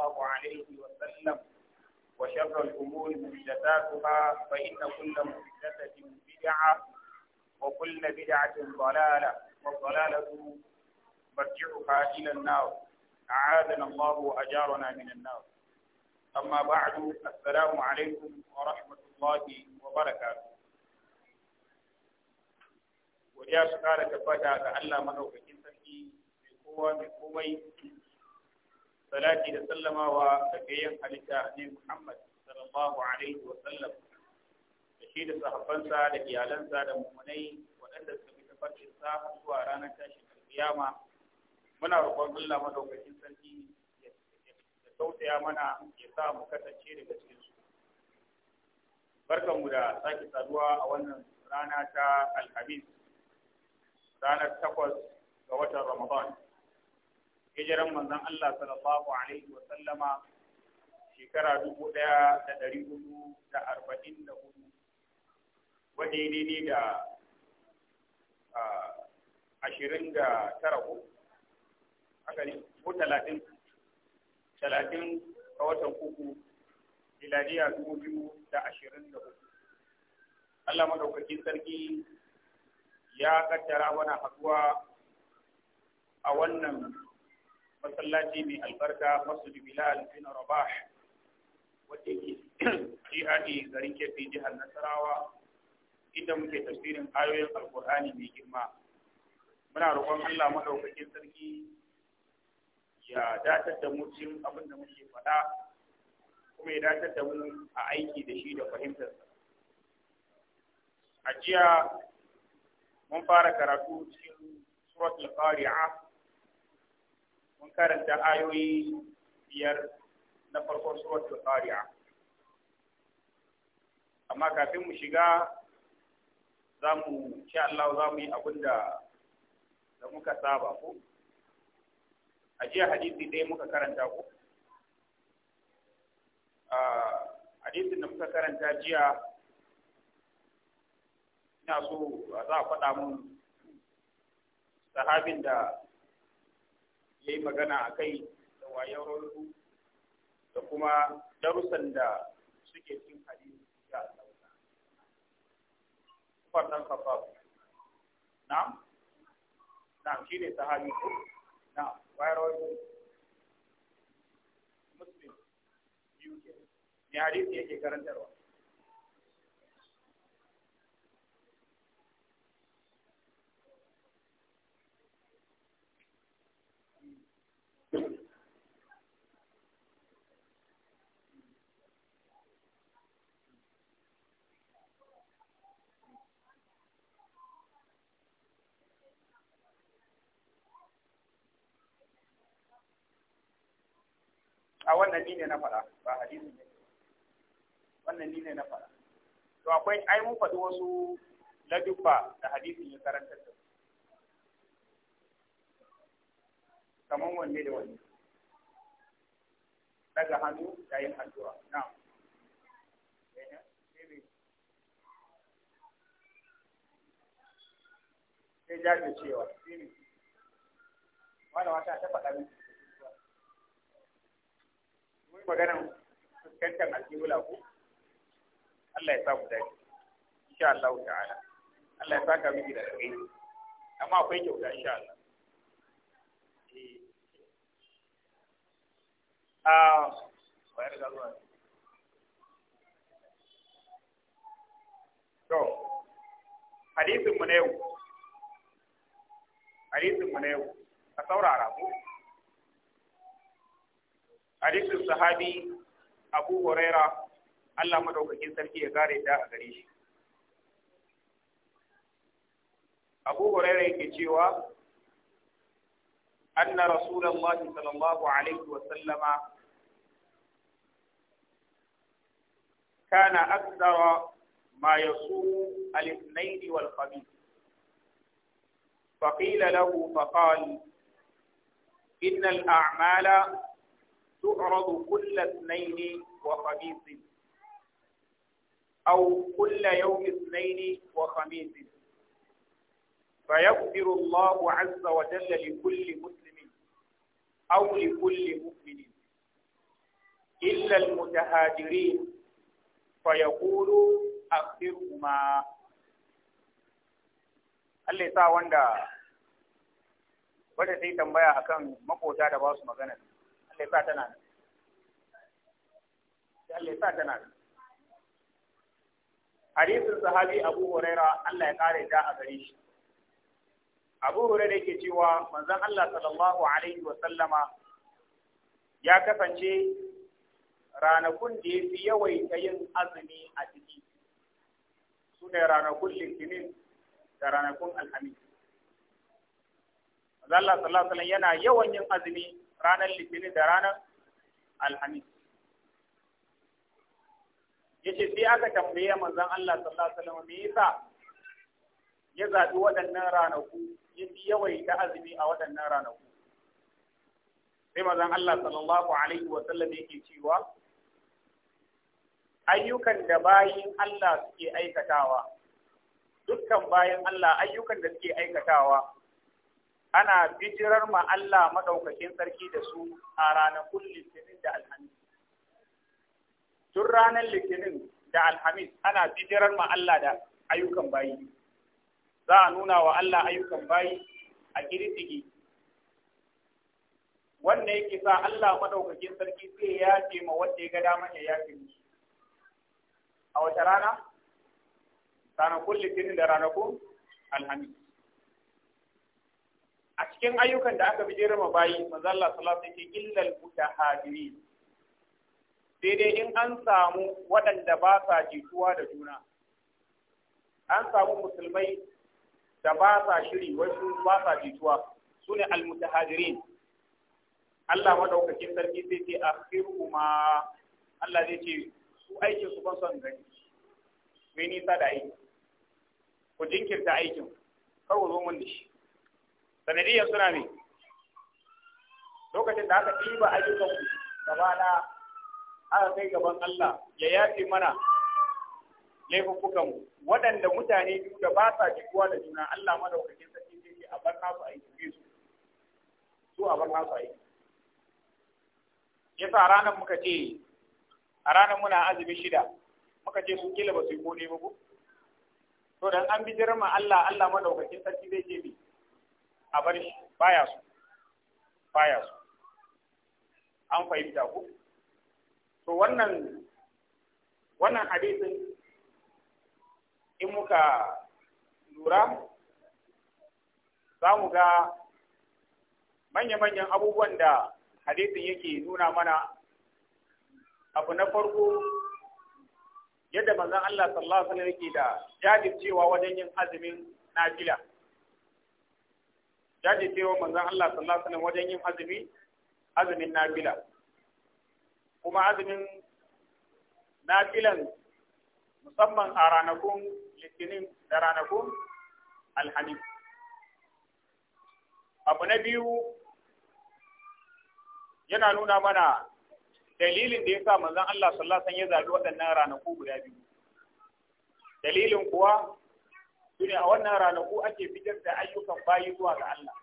الله عليه وسلم وشر الأمور محدثاتها فإن كل محدثة بدعة وكل بدعة ضلالة والضلالة مرجعها إلى النار أعاذنا الله وأجارنا من النار أما بعد السلام عليكم ورحمة الله وبركاته وجاء سؤالك kara tabbata ga Allah madaukakin sarki mai kowa salati da sallamawa ga gayen halitta ne Muhammad sallallahu alaihi wa sallam da shi da sahabbansa da iyalansa da mummunai waɗanda suka bi tafarkin sa zuwa ranar tashin kiyama muna roƙon Allah madaukakin sarki ya tausaya mana ya sa mu kasance daga cikin su barkanmu da sake saduwa a wannan rana ta alhamis ranar takwas ga watan ramadan hijiran manzan Allah sallallahu alaihi wa sallama shekara dubu ɗaya da ɗari hudu da arba'in da hudu wanda ya daidai da ashirin da tara ko haka ne ko talatin talatin ga watan uku miladiya dubu biyu da ashirin da hudu Allah madaukakin sarki ya kaddara mana haɗuwa a wannan masallaci mai albarka masjid bilal bin rabah ke yake haɗe garin kefi jihar nasarawa inda muke tafsirin ayoyin alkur'ani mai girma muna roƙon allah maɗaukakin sarki ya datar da mu cikin abin muke faɗa kuma ya datar da mu a aiki da shi da fahimtarsa a jiya mun fara karatu cikin suratul qari'ah mun karanta ayoyi biyar na farkon suratul qari'a amma kafin mu shiga za mu insha Allah za mu yi abin da da muka saba ko a jiya hadisi ɗaya muka karanta ko a hadisin da muka karanta jiya ina so za a faɗa mun sahabin da ya yi magana a kai da wayan rolu da kuma darussan da suke cin hadisi da alauta. Farnan kafaf. Na'am? Na'am shi ne sahabi ko? Na, wayan rolu. Muslim, biyu ke. hadisi yake karantarwa? a wannan ni ne na faɗa ba hadisi ne wannan ni ne na faɗa to akwai ai mun faɗi wasu ladubba da hadisin ya karanta da kamar wanne da wanne daga hannu da yin addu'a na? sai jajircewa shi ne wanda wata ta faɗa miki maganan fuskantar alƙibla ko Allah ya sa ku dace insha Allah ta'ala Allah ya saka miki da kai amma akwai kyauta insha Allah eh. ah bayar ga zuwa to hadisin mu na yau hadisin mu na yau ka saurara mu hadisin sahabi abu huraira Allah madaukakin sarki ya gare ta a gare shi abu huraira yake cewa anna rasulullahi sallallahu alaihi wa sallama kana akthara ma yasumu al-ithnain wal khamis فقيل له فقال إن الأعمال تعرض كل اثنين وخميس أو كل يوم اثنين وخميس فيغفر الله عز وجل لكل مسلم أو لكل مؤمن إلا المتهاجرين فيقول أخرهما Allah ya sa wanda أن ta yi tambaya akan makota Allah sa tana nan. Allah sa tana nan. Hadisin sahabi Abu Huraira Allah ya kare da a gare shi. Abu Huraira yake cewa manzon Allah sallallahu alaihi wa sallama ya kasance ranakun da ya fi yawaita yin azumi a ciki su ne ranakun litinin da ranakun alhamis. Allah sallallahu alaihi yana yawan yin azumi ranar litinin da ranar alhamis Ya yace sai aka tambaye manzon Allah sallallahu alaihi wasallam me yasa ya zaɓi waɗannan ranaku ya fi yawaita azumi a waɗannan ranaku sai mazan Allah sallallahu alaihi wa sallam yake cewa ayyukan da bayin Allah suke aikatawa dukkan bayan Allah ayyukan da suke aikatawa ana bijirar ma Allah madaukakin sarki da su a ranakun litinin da alhamis tun ranar litinin da alhamis ana bijirar ma Allah da ayyukan bayi za a nuna wa Allah ayyukan bayi a girgigi wanda yake sa Allah madaukakin sarki sai ya ce ma wanda ya ga dama ya yafe mishi a wata rana ranakun litinin da ranakun alhamis a cikin ayyukan da aka bijira rama bayi manzo Allah sallallahu alaihi illal mutahadirin sai dai in an samu waɗanda ba sa jituwa da juna an samu musulmai da ba sa shiri wasu ba sa jituwa su ne almutahajirin Allah madaukakin sarki sai ce ma. Allah zai ce su aikin su ban son gani mai nisa da aiki ku jinkirta aikin kawo zo mun da shi sanadiyar suna ne. lokacin da aka ɗiba ayyukan ku gaba na aka kai gaban Allah ya yafe mana laifukukanmu waɗanda mutane biyu da ba sa jikuwa da juna Allah madaukakin sarki zai ce a bar nasu a yi su su a bar nasu a yi a ranar muka ce a ranar muna azumi shida muka ce su kila ba su yi kone ba ko to dan an bi jirma Allah Allah madaukakin sarki zai ce bi a bar shi baya su baya su an fahimta ku to wannan wannan hadisin in muka lura za mu ga manya-manyan abubuwan da hadisin yake nuna mana abu na farko yadda manzan Allah sallallahu alaihi wasallam yake da jajircewa wajen yin azumin nafila cewa manzon Allah sallallahu alaihi wasallam wajen yin azumi azumin nafila kuma azumin nafilan musamman a ranakun litinin da ranakun alhani abu na biyu yana nuna mana dalilin da ya sa manzon Allah sallallahu alaihi wasallam ya zabi waɗannan ranaku guda biyu dalilin kuwa shine a wannan ranaku ake fitar da ayyukan bayi zuwa ga Allah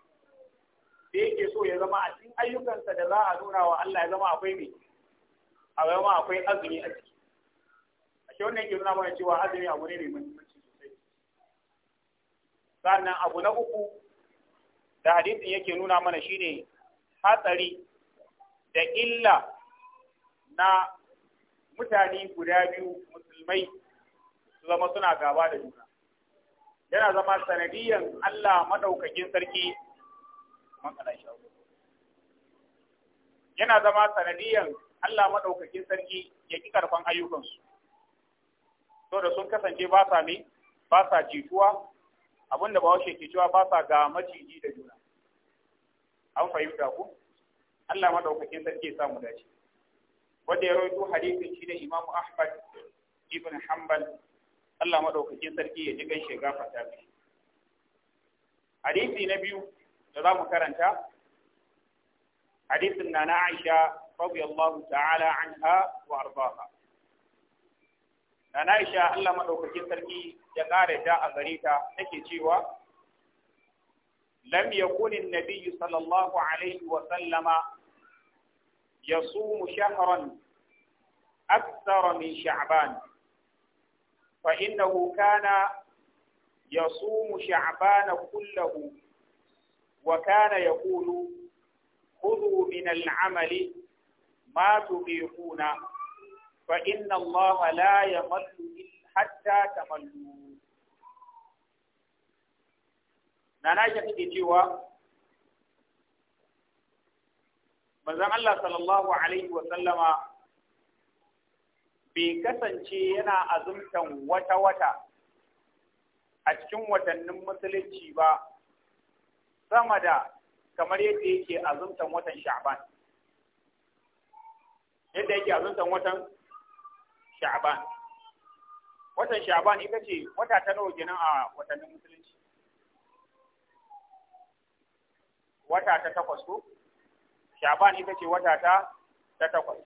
da yake so ya zama a cikin ayyukansa da za a nuna wa Allah ya zama akwai mai a zama akwai azumi a ciki a shi wannan ke nuna mana cewa azumi abu ne mai muhimmanci sosai sannan abu na uku da hadisin yake nuna mana shine hatsari da illa na mutane guda biyu musulmai su zama suna gaba da juna yana zama sanadiyan Allah madaukakin sarki yana zama sanadiyan Allah madaukakin sarki ya ki karfan ayyukansu to da sun kasance ba sa ne ba sa jituwa abinda ba washe ke cewa ba sa ga maciji da juna an fahimta ku Allah madaukakin sarki ya samu dace wanda ya rawaito hadisin da Imam Ahmad ibn Hanbal Allah maɗaukakin sarki ya ji gaishe gafarta mishi hadisi na biyu da za mu karanta hadisin na na Aisha radiyallahu ta'ala anha wa ardaha na na Aisha Allah maɗaukakin sarki ya ƙara da a gare ta take cewa lam yakun an-nabiy sallallahu alaihi wa sallama ya يصوم شهرا أكثر من شعبان fa innahu kana yasumu sha'bana kullahu wa kana yaqulu khudhu min al-amali ma tuqiquna fa inna Allah la yamallu hatta tamallu nana ya take cewa manzon Allah sallallahu alaihi wa bai kasance yana azumtan wata-wata a cikin watannin musulunci ba sama da kamar yadda yake azumtan watan sha'ban yadda yake azumtan watan sha'ban watan sha'ban ita ce wata ta nawa kenan a watannin musulunci wata ta takwas ko sha'ban ita ce wata ta ta takwas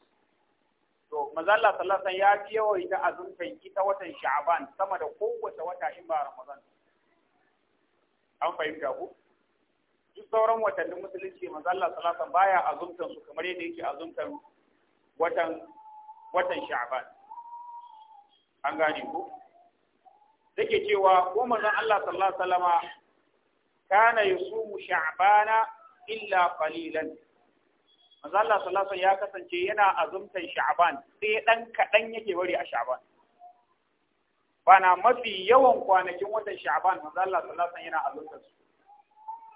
to mazalla Allah sallallahu alaihi wasallam ya fi yawa ita azumtan ita watan Sha'ban sama da kowace wata in ba Ramadan an fahimta ku duk sauran watannin musulunci mazalla Allah sallallahu alaihi wasallam baya azumtan su kamar yadda yake azumtan watan watan Sha'ban an gane ku dake cewa ko manzon Allah sallallahu alaihi wasallama kana yusumu sha'bana illa qalilan manzo Allah sallallahu alaihi ya kasance yana azumtan Sha'ban sai dan kadan yake bari a Sha'ban bana mafi yawan kwanakin watan Sha'ban manzo Allah sallallahu alaihi yana azumtan su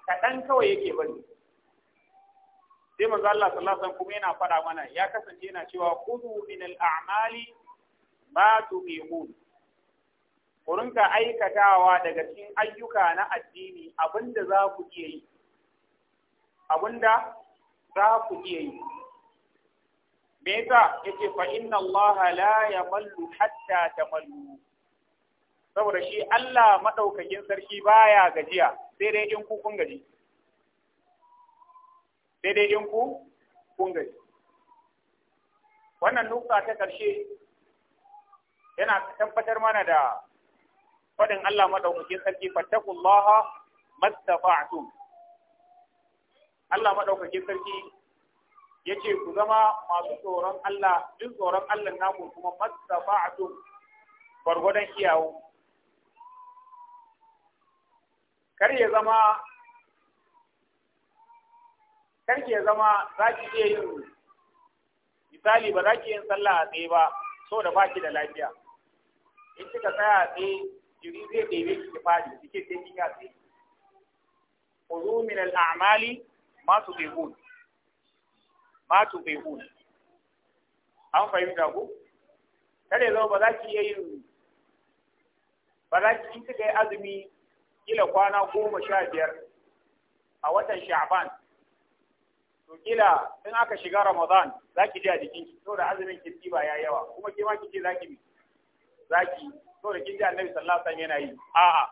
kadan kawai yake bari sai manzo Allah sallallahu alaihi kuma yana fada mana ya kasance yana cewa kudu min al-a'mali ma tuqimun ku rinka aikatawa daga cikin ayyuka na addini abinda za ku iya yi abinda za ku iya yi me yasa yace fa inna Allah la yamallu hatta tamallu saboda shi Allah madaukakin sarki baya gajiya sai dai in ku kun gaji sai dai in ku kun gaji wannan nuka ta karshe yana tabbatar mana da faɗin Allah madaukakin sarki fattakullaha mastafa'tum Allah maɗaukakin sarki ya ce ku zama masu tsoron Allah jin tsoron Allah naku kuma tun gwargwadon iyawo kar ya zama kar ya zama za ki iya yin misali ba za ki yin sallah a tsaye ba so da ba ki da lafiya in kika tsaya a tsaye jiri zai ɗebe ki ki fadi kike sai kika tsaye zo min al'amali, amali masu bihun masu bihun an fahimta ku kada zama ba za ki iya yin ba za ki in kika yi azumi kila kwana goma sha biyar a watan sha'ban to kila in aka shiga ramadan za ki ji a jikinki saboda azumin ki ba ya yawa kuma ke ma kike za ki bi za ki saboda kin ji annabi sallallahu alaihi wasallam yana yi a'a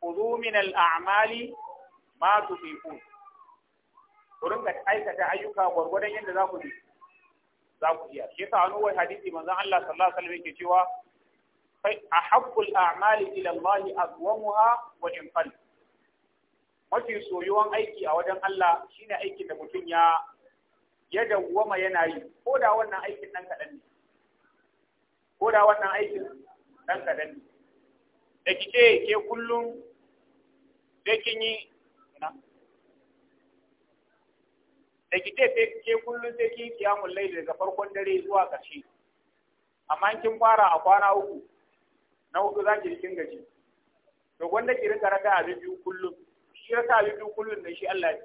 khudhu min al-a'mali ma tufiqun ku rinka aikata ayyuka gwargwadon yadda za ku yi za ku iya shi yasa an wai hadisi manzon Allah sallallahu alaihi wasallam yake cewa kai ahabbul a'mali ila Allah azwamuha wa in qall mafi soyuwan aiki a wajen Allah shine aikin da mutum ya ya dawwama yana yi ko da wannan aikin dan kadan ne ko da wannan aikin dan kadan ne da kike ke kullum da kin yi da ki ce ke kullum sai ki kiyamun laili daga farkon dare zuwa ƙarshe amma kin fara a kwana uku na hudu za ki kin gaji to wanda ki rika raka a biyu kullum shi ya sa biyu kullum da shi Allah ya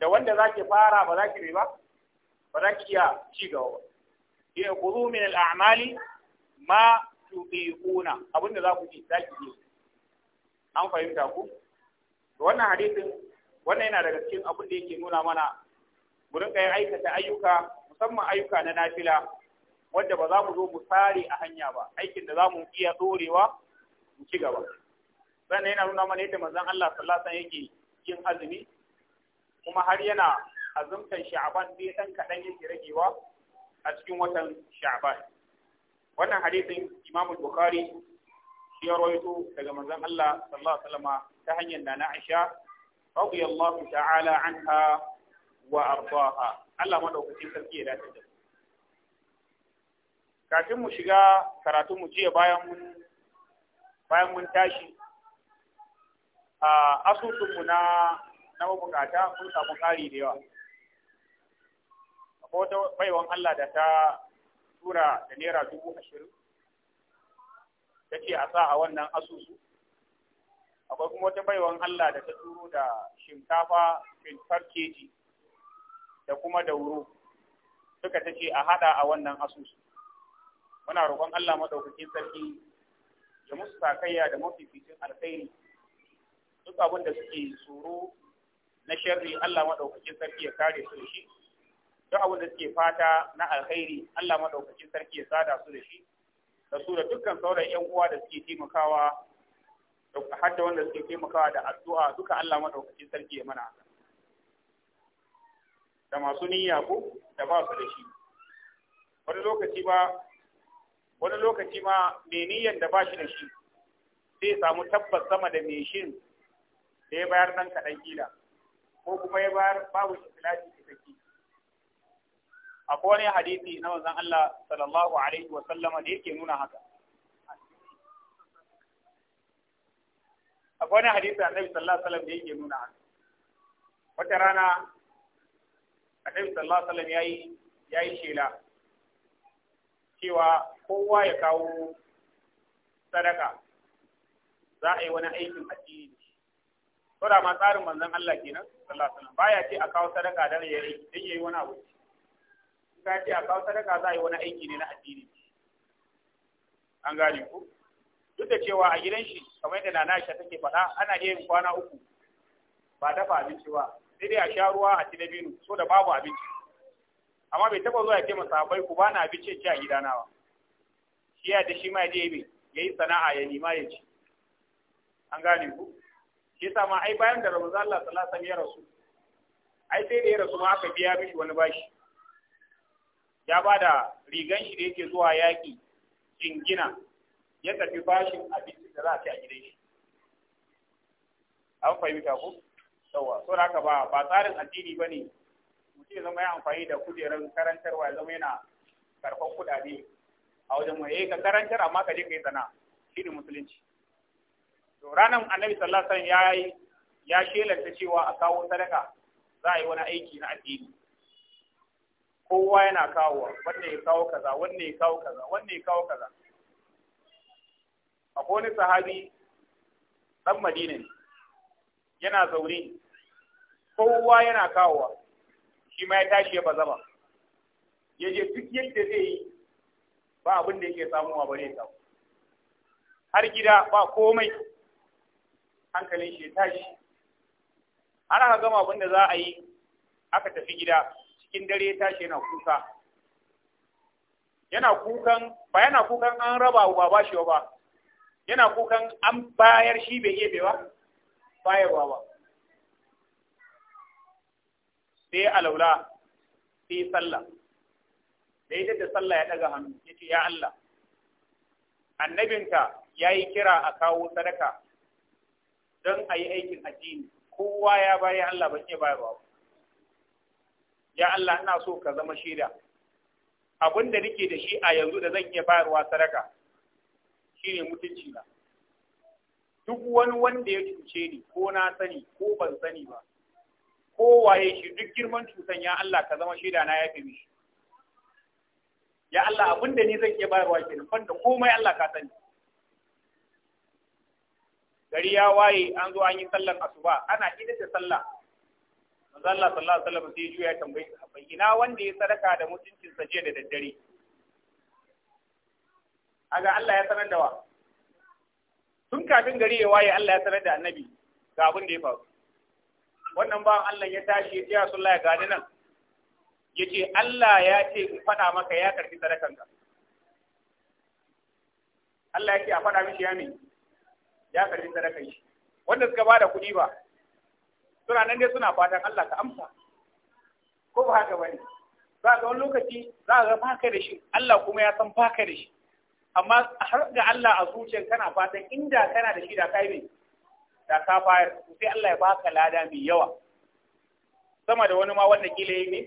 da wanda za ki fara ba za ki riba ba za ki iya ci gaba ba ya kuzu min al'amali ma tuqiquna abinda za ku ci za ki yi an fahimta ku to wannan hadisin wannan yana daga cikin abin da yake nuna mana mu rinka aikata ayyuka musamman ayyuka na nafila wanda ba za mu zo mu sare a hanya ba aikin da za mu iya dorewa mu ci gaba sannan yana nuna mana yadda manzon Allah sallallahu alaihi yake yin azumi kuma har yana azumtan sha'ban sai dan kadan yake ragewa a cikin watan sha'ban wannan hadisin Imam Bukhari shi ya rawaito daga manzon Allah sallallahu alaihi wasallam ta hanyar Nana Aisha radiyallahu ta'ala anha wa ardaha Allah madaukakin sarki ya dace da kafin mu shiga karatun mu jiya bayan mun mun tashi a asusun mu na na mabukata mun samu ƙari da yawa akwai wata baiwan Allah da ta tura da naira dubu ashirin ta ce a sa a wannan asusu akwai kuma wata baiwan Allah da ta turo da shinkafa filfar keji da kuma da dauro suka ta ce a haɗa a wannan asusu muna roƙon Allah maɗaukakin sarki ya musu sakayya da mafificin alkhairi duk abin da suke tsoro na sharri Allah maɗaukakin sarki ya kare su da shi duk abin da suke fata na alkhairi Allah maɗaukakin sarki ya sada su da shi da su da dukkan sauran 'yan uwa da suke taimakawa har da wanda suke taimakawa da addu'a duka Allah madaukaki sarki ya mana haka da masu niyya ko da ba su da shi wani lokaci ba wani lokaci ma mai niyyan da ba shi da shi zai samu tabbas sama da mai shin da ya bayar nan kaɗan kila ko kuma ya bayar babu ke cikakki akwai wani hadisi na manzon Allah sallallahu alaihi wa sallama da yake nuna haka akwai wani hadisi annabi sallallahu alaihi wasallam da yake nuna haka wata rana annabi sallallahu alaihi wasallam yayi yayi shela cewa kowa ya kawo sadaka za a yi wani aikin addini to da ma tsarin manzon Allah kenan sallallahu alaihi wasallam baya ce a kawo sadaka dan yayi dan yayi wani abu ka ce a kawo sadaka za a yi wani aiki ne na addini an gane ku duk da cewa a gidan shi kamar yadda nana Aisha take faɗa ana iya yin kwana uku ba dafa abinci ba sai dai a sha ruwa a ci dabino so da babu abinci amma bai taba zuwa ya ce masahabai ku bana abinci ci a gidana ba shi ya da shi ma je bi yayi sana'a ya nima ya ci an gane ku shi yasa ma ai bayan da Ramadan Allah sallallahu alaihi wasallam ya rasu ai sai da ya rasu ma aka biya mishi wani bashi ya bada rigan shi da yake zuwa yaki jingina ya tafi bashin abinci da za a ci a gidan shi an fahimta ku yawa so haka ba ba tsarin addini ba ne mutum zama ya amfani da kujerar karantarwa ya zama yana karɓar kuɗaɗe a wajen mai eh, ka karantar amma ka je ka yi sana shi ne musulunci to ranar annabi sallallahu alaihi ya yi ya shelanta cewa a kawo sadaka za a yi wani aiki na addini kowa yana kawo wanda ya kawo kaza wanda ya kawo kaza wanda ya kawo kaza akwai wani sahabi ɗan madina yana zaune kowa yana kawowa shi ma ya tashi ya bazama ya je duk yadda zai yi ba abin da yake samuwa ba ne samu har gida ba komai hankalin shi ya tashi har aka gama abin da za a yi aka tafi gida cikin dare ya tashi yana kuka yana kukan ba yana kukan an raba ba ba shi ba yana kukan an bayar shi bai iya bewa bayarwa ba sai alaula sai sallah da ita da sallah ya daga hannu ya ce ya Allah annabinka ya yi kira a kawo sadaka don a yi aikin addini kowa ya baya Allah ban iya bayarwa ba ya Allah ina so ka zama shaida abin da nake da shi a yanzu da zan iya bayarwa sadaka shine mutunci na duk wani wanda ya cuce ni ko na sani ko ban sani ba ko waye shi duk girman cutan ya Allah ka zama shida na fi mishi ya Allah abin da ni zan iya bayarwa nan, banda komai Allah ka sani gari ya waye an zo an yi sallar asuba ana ita ta sallah manzo Allah sallallahu alaihi wasallam sai ya tambaye ina wanda ya sadaka da mutuncin sa jiya da daddare aga Allah ya sanar da wa tun kafin gari ya waye Allah ya sanar da annabi ga abin da ya faru wannan ba Allah ya tashi ya ce ya sulla ya gani nan ya ce Allah ya ce in faɗa maka ya karfi sadakan ka Allah ya ce a faɗa mishi ya me ya karfi sadakan shi wanda suka bada kuɗi ba suna nan dai suna fatan Allah ka amsa ko ba haka bane za ka wani lokaci za ga baka da shi Allah kuma ya san baka da shi amma har ga Allah a zuciyar kana fatan inda kana da shi da kai ne da ka bayar sai Allah ya baka lada mai yawa sama da wani ma wanda kila yi ne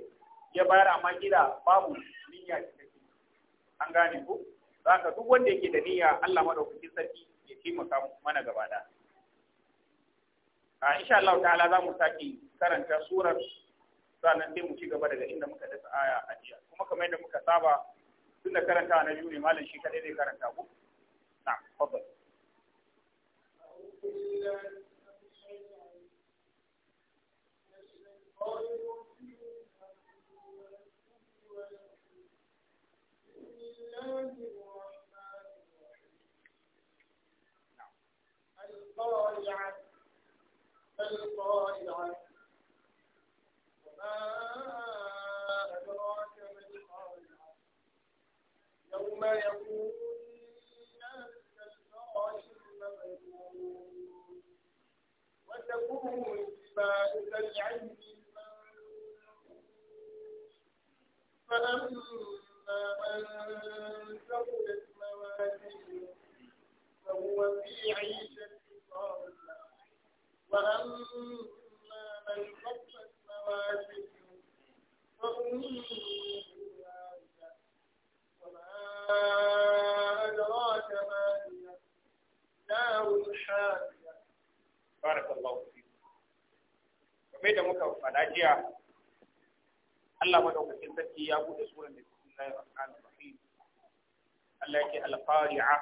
ya bayar amma kila babu niyya da take an gane Za zaka duk wanda yake da niyya Allah madaukakin sarki ya taimaka mana gaba da a ah, insha Allah ta'ala za mu saki karanta surar sannan sai mu ci gaba daga inda muka dasa aya a jiya kuma kamar yadda muka saba tun da karanta na biyu ne shi kadai zai karanta ku na fadal القارعة القارعة يوم يقول الناس كالفراش المبثوث وتكون الجبال كالعين فأما من ثقلت موازينه فهو في عيشة راضية وأما من خفت موازينه فأمه أدراك ما هي نار حامية بارك الله فيك kamar da muka faɗa jiya Allah madaukakin sarki ya bude suran da bismillahir rahmanir rahim Allah yake al-qari'a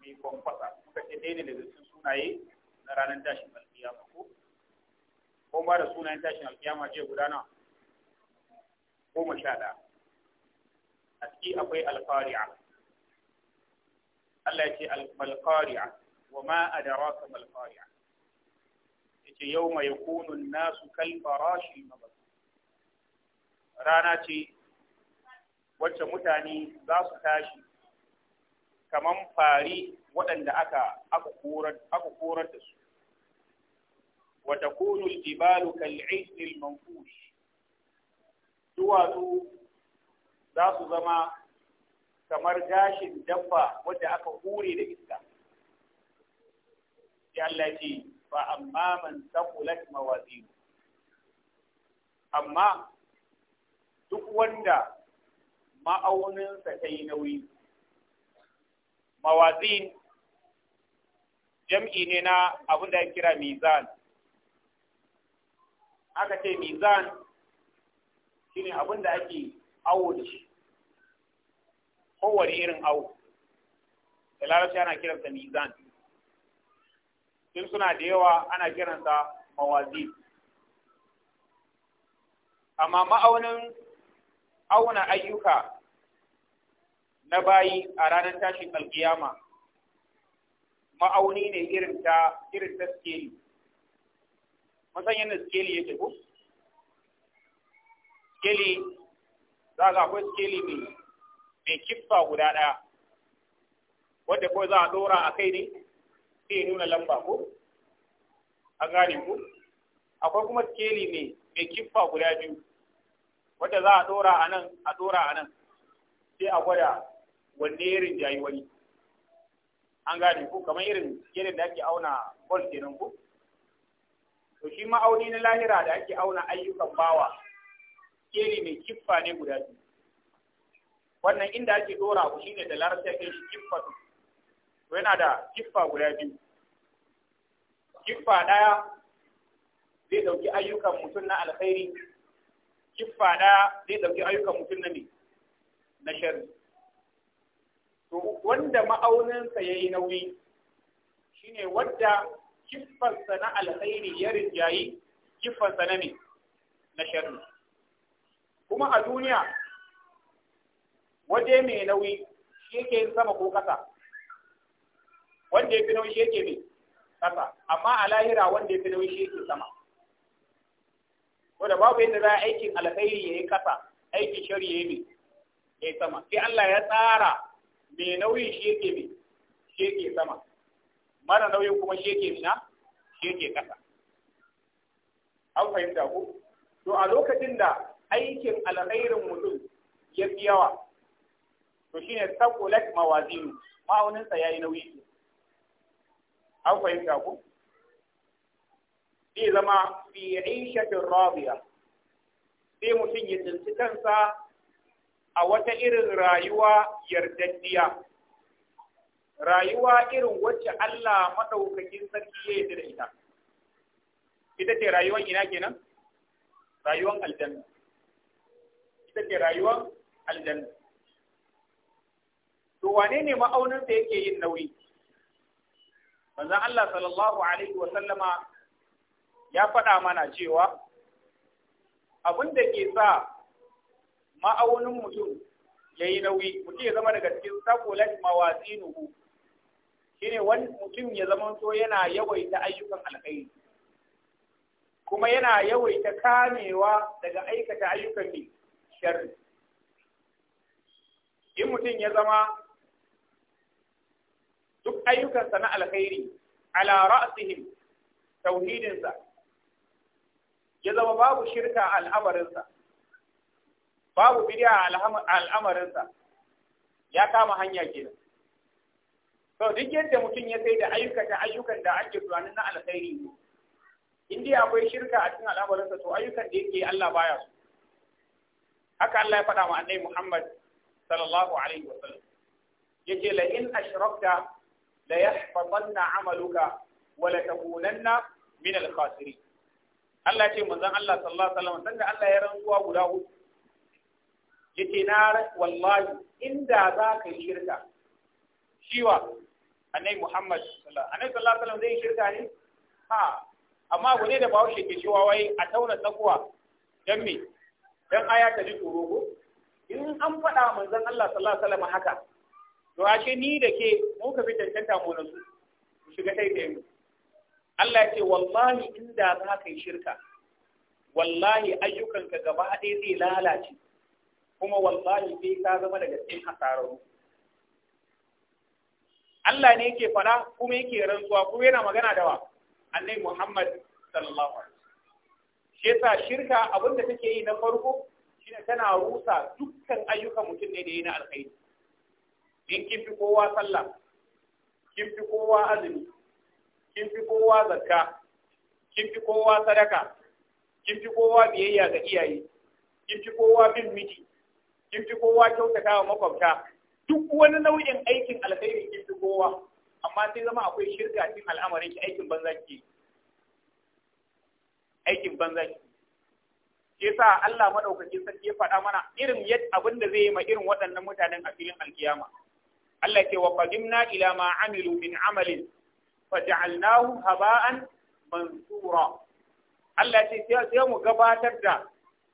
mai kwamfasa muka ce dai ne sunaye na ranar tashin alkiyama ko ko ba da sunayen tashin alkiyama ce gudana goma sha ɗaya a ciki akwai alqari'a Allah ya ce alqari'a wa ma adraka mal qari'a yace yawma yakunu an-nasu kal farashi rana ce wacce mutane za su tashi kaman fari waɗanda aka aka korar da su Wata kunun al-jibalu kal manfush duwatsu za su zama kamar gashin dabba wadda aka hure da iska ya Allah ce amma man taqulat mawazinu amma duk wanda ma'auninsa ta yi nauyi mawazin jam'i ne na abin da kira mizan aka ce mizan shine abin da ake awo da shi kowane irin awo da larabci ana kiransa mizan tun suna da yawa ana kiransa mawazi amma ma'aunin auna ayyuka na bayi a ranar tashin alkiyama ma'auni ne irin ta irin ta skeli musan yadda skeli yake ku skeli za ga akwai skeli ne mai kiffa guda ɗaya wadda kawai za a ɗora a kai ne sai ya nuna lamba ko an gane ku akwai kuma skeli ne mai kiffa guda biyu wadda za a ɗora a nan a ɗora a nan sai a gwada wanne irin jayi wani an gane ku kamar irin skelin da ake auna bol kenan ku to shi ma'auni na lahira da ake auna ayyukan bawa sikeli mai kiffa ne guda biyu wannan inda ake dora abu shine da larabci ya shi kiffa to yana da kiffa guda biyu kiffa daya zai dauki ayyukan mutum na alkhairi kiffa daya zai dauki ayyukan mutum na me na shari to wanda ma'auninsa yi nauyi shine wanda kiffarsa na alkhairi ya rinjayi kiffarsa na me na sharri kuma a duniya waje mai nauyi shi yake yin sama ko ƙasa wanda ya fi nauyi shi yake mai ƙasa amma a lahira wanda ya fi nauyi shi yake sama ko da babu yadda za a aikin alkhairi ya yi ƙasa aikin shari ya yi mai ya yi sama sai Allah ya tsara mai nauyi shi yake mai shi yake sama mara nauyin kuma shi yake na shi yake ƙasa an fahimta ku to a lokacin da aikin alkhairin mutum ya fi yawa to shine saqulat mawazinu ma'aunin sa yayi nauyi an fahimta ku zai zama fi aishatin radiya sai mutum ya tsinci kansa a wata irin rayuwa yardaddiya rayuwa irin wacce Allah maɗaukakin sarki ya yi da ita ita ce rayuwar ina kenan rayuwar aljanna ita rayuwar aljanna to wane ne ma'aunin da yake yin nauyi manzon Allah sallallahu alaihi wa sallama ya faɗa mana cewa abin da ke sa ma'aunin mutum ya yi nauyi mutum ya zama daga cikin sakolat mawazinuhu shine wani mutum ya zama so yana yawaita ayyukan alkhairi kuma yana yawaita kamewa daga aikata ayyukan ne sharri in mutum ya zama duk ayyukansa na alkhairi ala ra'sihim tauhidinsa ya zama babu shirka al'amarinsa babu bid'a al'amarinsa ya kama hanya gida. to duk yadda mutum ya sai da ayyukata ayyukan da ake tunanin na alkhairi in dai akwai shirka a cikin al'amarinsa to ayyukan da yake Allah baya su haka Allah ya faɗa wa annabi Muhammad sallallahu alaihi wa sallam yace la in ashrakta la yahbatanna amaluka wa la takunanna min al khasirin Allah ce manzon Allah sallallahu alaihi wa sallam sanda Allah ya rantsuwa guda hudu yace na wallahi inda za ka yi shirka shiwa annabi Muhammad sallallahu alaihi wa sallam zai shirka ne ha amma gune da bawo shi ke cewa wai a tauna tsakuwa dan me dan aya ta ji tsoro in an faɗa manzon Allah sallallahu alaihi haka to ashe ni da ke mu ka fi tantanta mu na su shiga tai da mu Allah ya ce wallahi inda za ka yi shirka wallahi ayyukanka gaba ɗaya zai lalace kuma wallahi sai ka zama daga cikin hasararru Allah ne yake fara kuma yake rantsuwa kuma yana magana da wa annabi Muhammad sallallahu alaihi shi yasa shirka abin da take yi na farko shine tana rusa dukkan ayyukan mutum ne da yi na alkhairi in kin fi kowa sallah kin fi kowa azumi kin fi kowa zakka kin fi kowa sadaka kin fi kowa biyayya ga iyaye kin fi kowa bin miji kin fi kowa kyautata wa makwabta duk wani nau'in aikin alkhairi kin fi kowa amma sai zama akwai shirka cikin al'amarin ki aikin banza ki aikin banza ki sa Allah maɗaukacin sarki ya faɗa mana irin yadda abin da zai yi ma irin waɗannan mutanen a filin alkiyama Allah ce wa qadimna ila ma amilu min amalin faj'alnahu haba'an mansura Allah ce sai mu gabatar da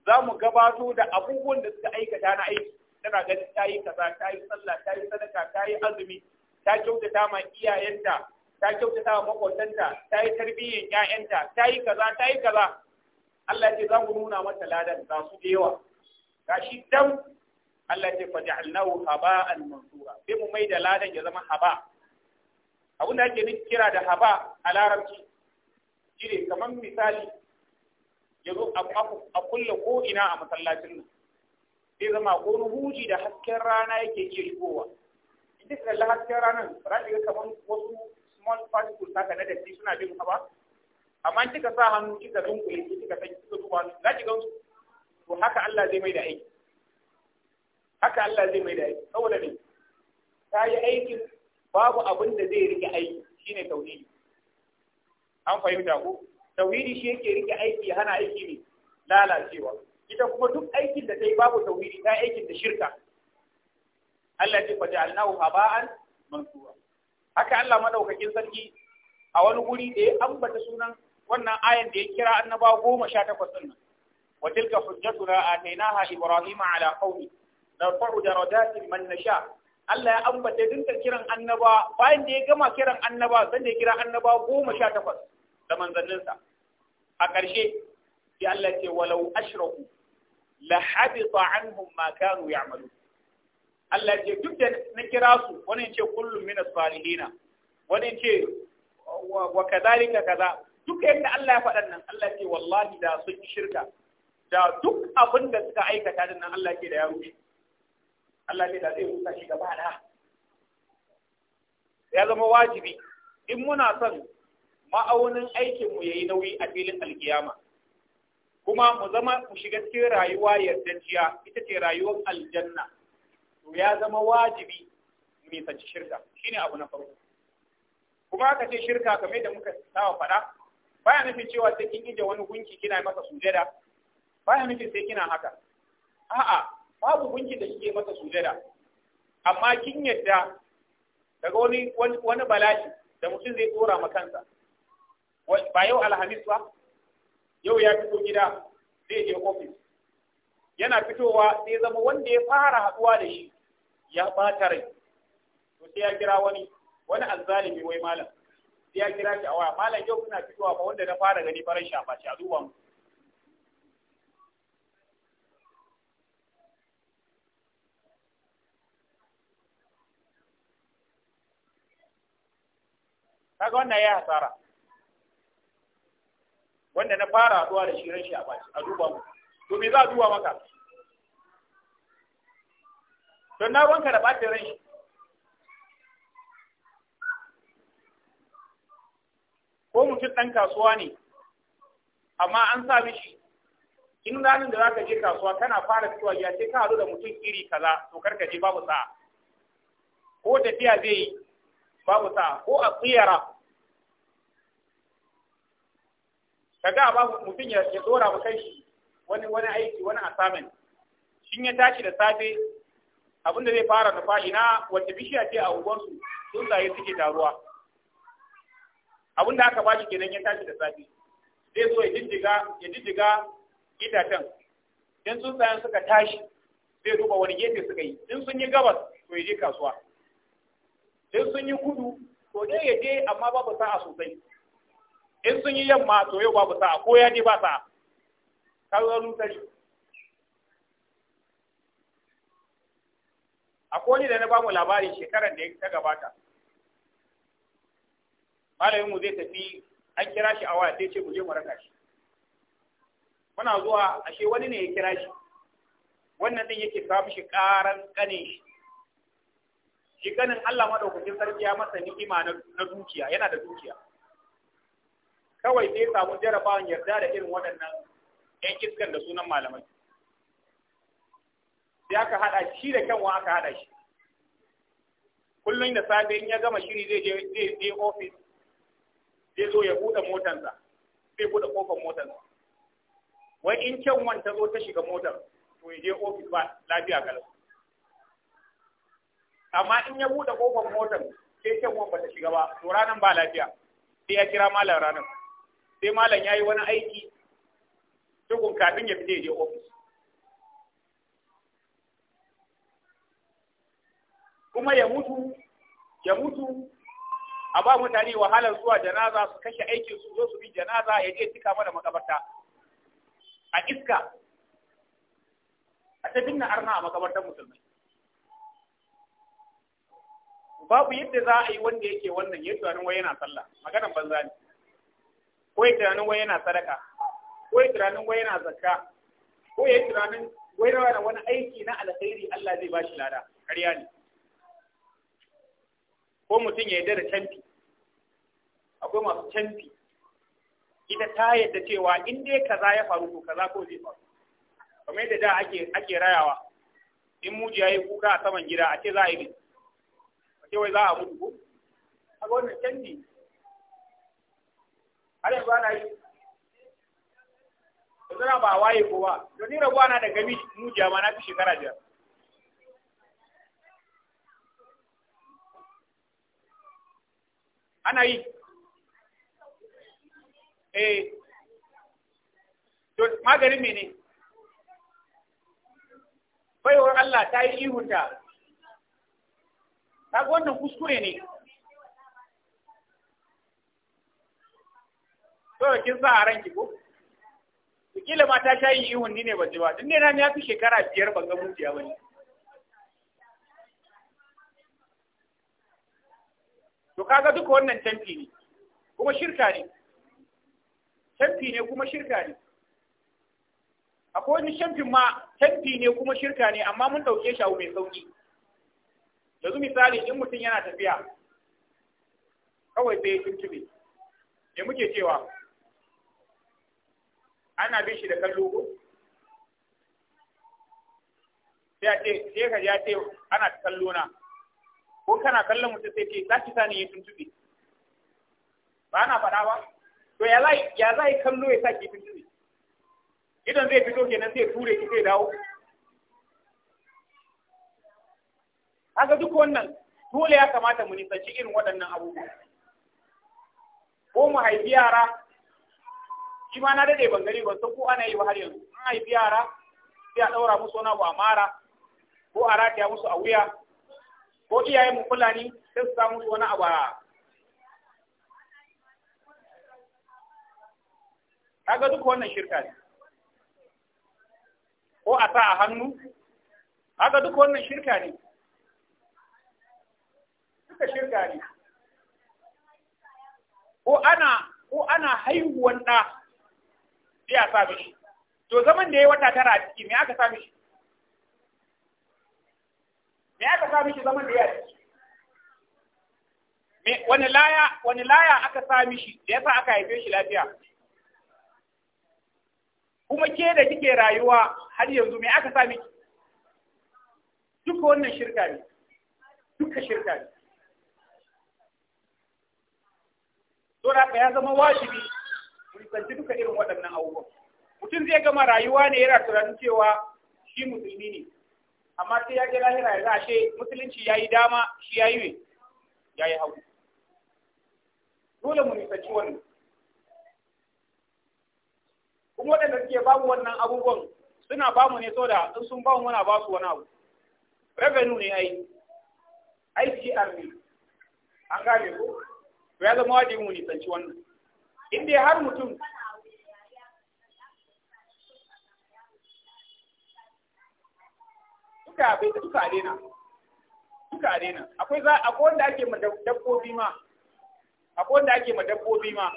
za mu gabato da abubuwan da suka aikata na aiki tana ganin ta yi kaza ta yi sallah ta yi sadaka ta yi azumi ta kyautata ma iyayenta ta kyautata wa makwabtanta ta yi tarbiyyar ƴaƴanta ta yi kaza ta yi kaza Allah ce za mu nuna mata ladan za su da yawa gashi dam Allah ce fa ja'alnahu haba'an mansura sai mu mai da ladan ya zama haba abin da ake kira da haba a larabci shine kamar misali ya zo a kulle ko ina a masallacin nan zai zama ko huji da hasken rana yake iya shigowa in da kalli hasken ranar za ka kamar wasu small kusa haka na datti suna bin hawa amma kika sa hannu kika dunkule ki kika san kika duba su za ki gan su to haka Allah zai mai da aiki haka Allah zai mai da aiki saboda ne ta yi aikin babu abin da zai rike aiki shine tauhidi an fahimta ko tauhidi shi yake rike aiki hana aiki ne lalacewa ita kuma duk aikin da ta yi babu tauhidi ta yi aikin da shirka Allah ce fa ja'alnahu haba'an mansura haka Allah madaukakin sarki a wani guri da ya ambata sunan wannan ayan da ya kira annaba goma sha takwas ɗin nan wa tilka hujjatuna atainaha ibrahima ala qaumi narfa'u darajatin man nasha Allah ya ambata dinka kiran annaba bayan da ya gama kiran annaba sai da ya kira annaba goma sha takwas da manzanninsa a ƙarshe sai Allah ce walau ashraku la habita anhum ma kanu ya'malun Allah ya ce duk da na kira su wani ce kullum mina salihina wani ce wa kadalika kaza duk yadda Allah ya faɗa nan Allah ce wallahi da sun yi shirka da duk abin da suka aikata din nan Allah ke da ya rushe Allah ne da zai rusa shi gaba da ya zama wajibi in muna son ma'aunin aikin mu yayi nauyi a filin alkiyama kuma mu zama mu shiga cikin rayuwa yardajiya ita ce rayuwar aljanna to ya zama wajibi mai sanci shirka Shi ne abu na farko kuma aka ce shirka kamar da muka sawa fada baya nufin cewa sai kin ije wani gunki kina masa sujada baya nufin sai kina haka a'a babu gunki da kike masa sujada amma kin yadda daga wani wani bala'i da mutum zai tsora ma kansa ba yau alhamis ba yau ya fito gida zai je ofis yana fitowa sai zama wanda ya fara haɗuwa da shi ya ɓata rai to sai ya kira wani wani azzalimi wai malam sai ya kira shi a waya malam yau kuna fitowa fa wanda na fara gani farin shafa shi a duba mu kaga wannan ya hasara wanda na fara zuwa da shirin shi a duba mu to me za a duba maka don na ruwanka da ɓata rai ko mutum ɗan kasuwa ne amma an sa mishi in ranar da za ka je kasuwa kana fara fitowa ya ce ka haɗu da mutum iri kaza to karka je babu sa'a ko tafiya zai yi babu sa'a ko a tsiyara kaga ba mutum ya dora mu kai shi wani wani aiki wani assignment shin ya tashi da safe abin da zai fara nufa ina wace bishiya ce a sun tsuntsaye suke taruwa abin da aka bashi kenan ya tashi da safe zai so ya jijjiga ya jijjiga itacen in tsuntsayen suka tashi zai duba wani gefe suka yi in sun yi gabas to ya je kasuwa in sun yi kudu to dai ya je amma babu sa'a sosai in sun yi yamma to yau babu sa'a ko ya je ba sa'a kawo nutari akwai wani da na ba mu labarin shekarar da ta gabata malamin mu zai tafi an kira shi a waya sai ce mu je mu raka shi muna zuwa ashe wani ne ya kira shi wannan din yake samu shi karan kanin shi shi kanin Allah madaukakin sarki ya masa ni'ima na dukiya yana da dukiya kawai sai samu jarabawan yarda da irin waɗannan 'yan iskan da sunan malamai sai aka hada shi da kyanwa aka hada shi kullum da safe in ya gama shiri zai je zai office zai zo ya bude motarsa zai bude kofar motarsa wai in kyanwan ta zo ta shiga motar to ya je office ba lafiya galau amma in ya bude kofar motar sai kyanwan ba ta shiga ba to ranan ba lafiya sai ya kira malam ranan sai malam yayi wani aiki tukun kafin ya fita ya je office kuma ya mutu ya mutu a ba mutane wahalar zuwa janaza su kashe aikin su zo su bi janaza ya je cika mana makabarta a iska a ta binne arna a makabartar musulmai babu yadda za a yi wanda yake wannan ya tunanin wai yana sallah maganan banza ne ko ya tunanin wai yana sadaka ko ya tunanin wai yana zakka ko ya tunanin wai wani aiki na alkhairi Allah zai ba shi lada ƙarya ne ko mutum ya yarda da canfi akwai masu canfi ita ta yadda cewa in dai kaza ya faru ko kaza ko zai faru kamar yadda da ake ake rayawa in muji yayi kuka a saman gida a ce za a yi a ce wai za a mutu ko a ga wannan canji har yanzu ana yi yanzu na ba waye ko ba don rabuwa na da gami mujiya ma na fi shekara biyar ana yi eh to maganin mene baiwar Allah ta yi ihunta ta wannan kuskure ne To kin sa a ranki ko kila ma ta sha yi ihun ni ne ba ji ba tun ne na ya fi shekara biyar ban ga mujiya ba ne to kaga duka wannan canfi ne kuma shirka ne canfi ne kuma shirka ne akwai wani canfin ma canfi ne kuma shirka ne amma mun ɗauke shi abu mai sauki yanzu misali in mutum yana tafiya kawai sai ya tuntube me muke cewa ana bin shi da kallo ko sai a ce sai ka ya ce ana kallo na ko kana kallon mutum sai ce za ki sani ya tuntuɓe ba na faɗa ba to ya za ya kallo ya sa ki tuntuɓe idan zai fito kenan zai ture ki zai dawo haka duk wannan dole ya kamata mu nisanci irin waɗannan abubuwa ko mu haifi yara shi ma na dade ban gani ban san ko ana yi ba har yanzu an haifi yara sai a ɗaura musu wani abu a mara ko a rataya musu a wuya ko iyaye mu fulani sai su samu wani abu kaga duka wannan shirka ne ko a sa a hannu kaga duka wannan shirka ne duka shirka ne ko ana ko ana haihuwan ɗa sai a sa mishi to zaman da ya wata tara a ciki me aka sa mishi me aka sa mishi zaman da ya yi wani laya wani laya aka sa mishi da yasa aka haife shi lafiya kuma ke da kike rayuwa har yanzu me aka sa miki duka wannan shirka ne duka shirka ne to da ya zama wajibi mu nisanci duka irin waɗannan abubuwan mutum zai gama rayuwa ne yana tunanin cewa shi musulmi ne amma sai ya je lahira ya ashe musulunci yayi dama shi yayi ne yayi hagu dole mu nisanci wannan kuma waɗanda suke babu wannan abubuwan suna bamu ne saboda in sun mu muna ba su wani abu revenue ne ai ICR ne an gane ko to ya zama wajibi mu nisanci wannan Inde har mutum duka bai suka arena duka arena akwai za akwai wanda ake ma dabbobi ma akwai wanda ake ma dabbobi ma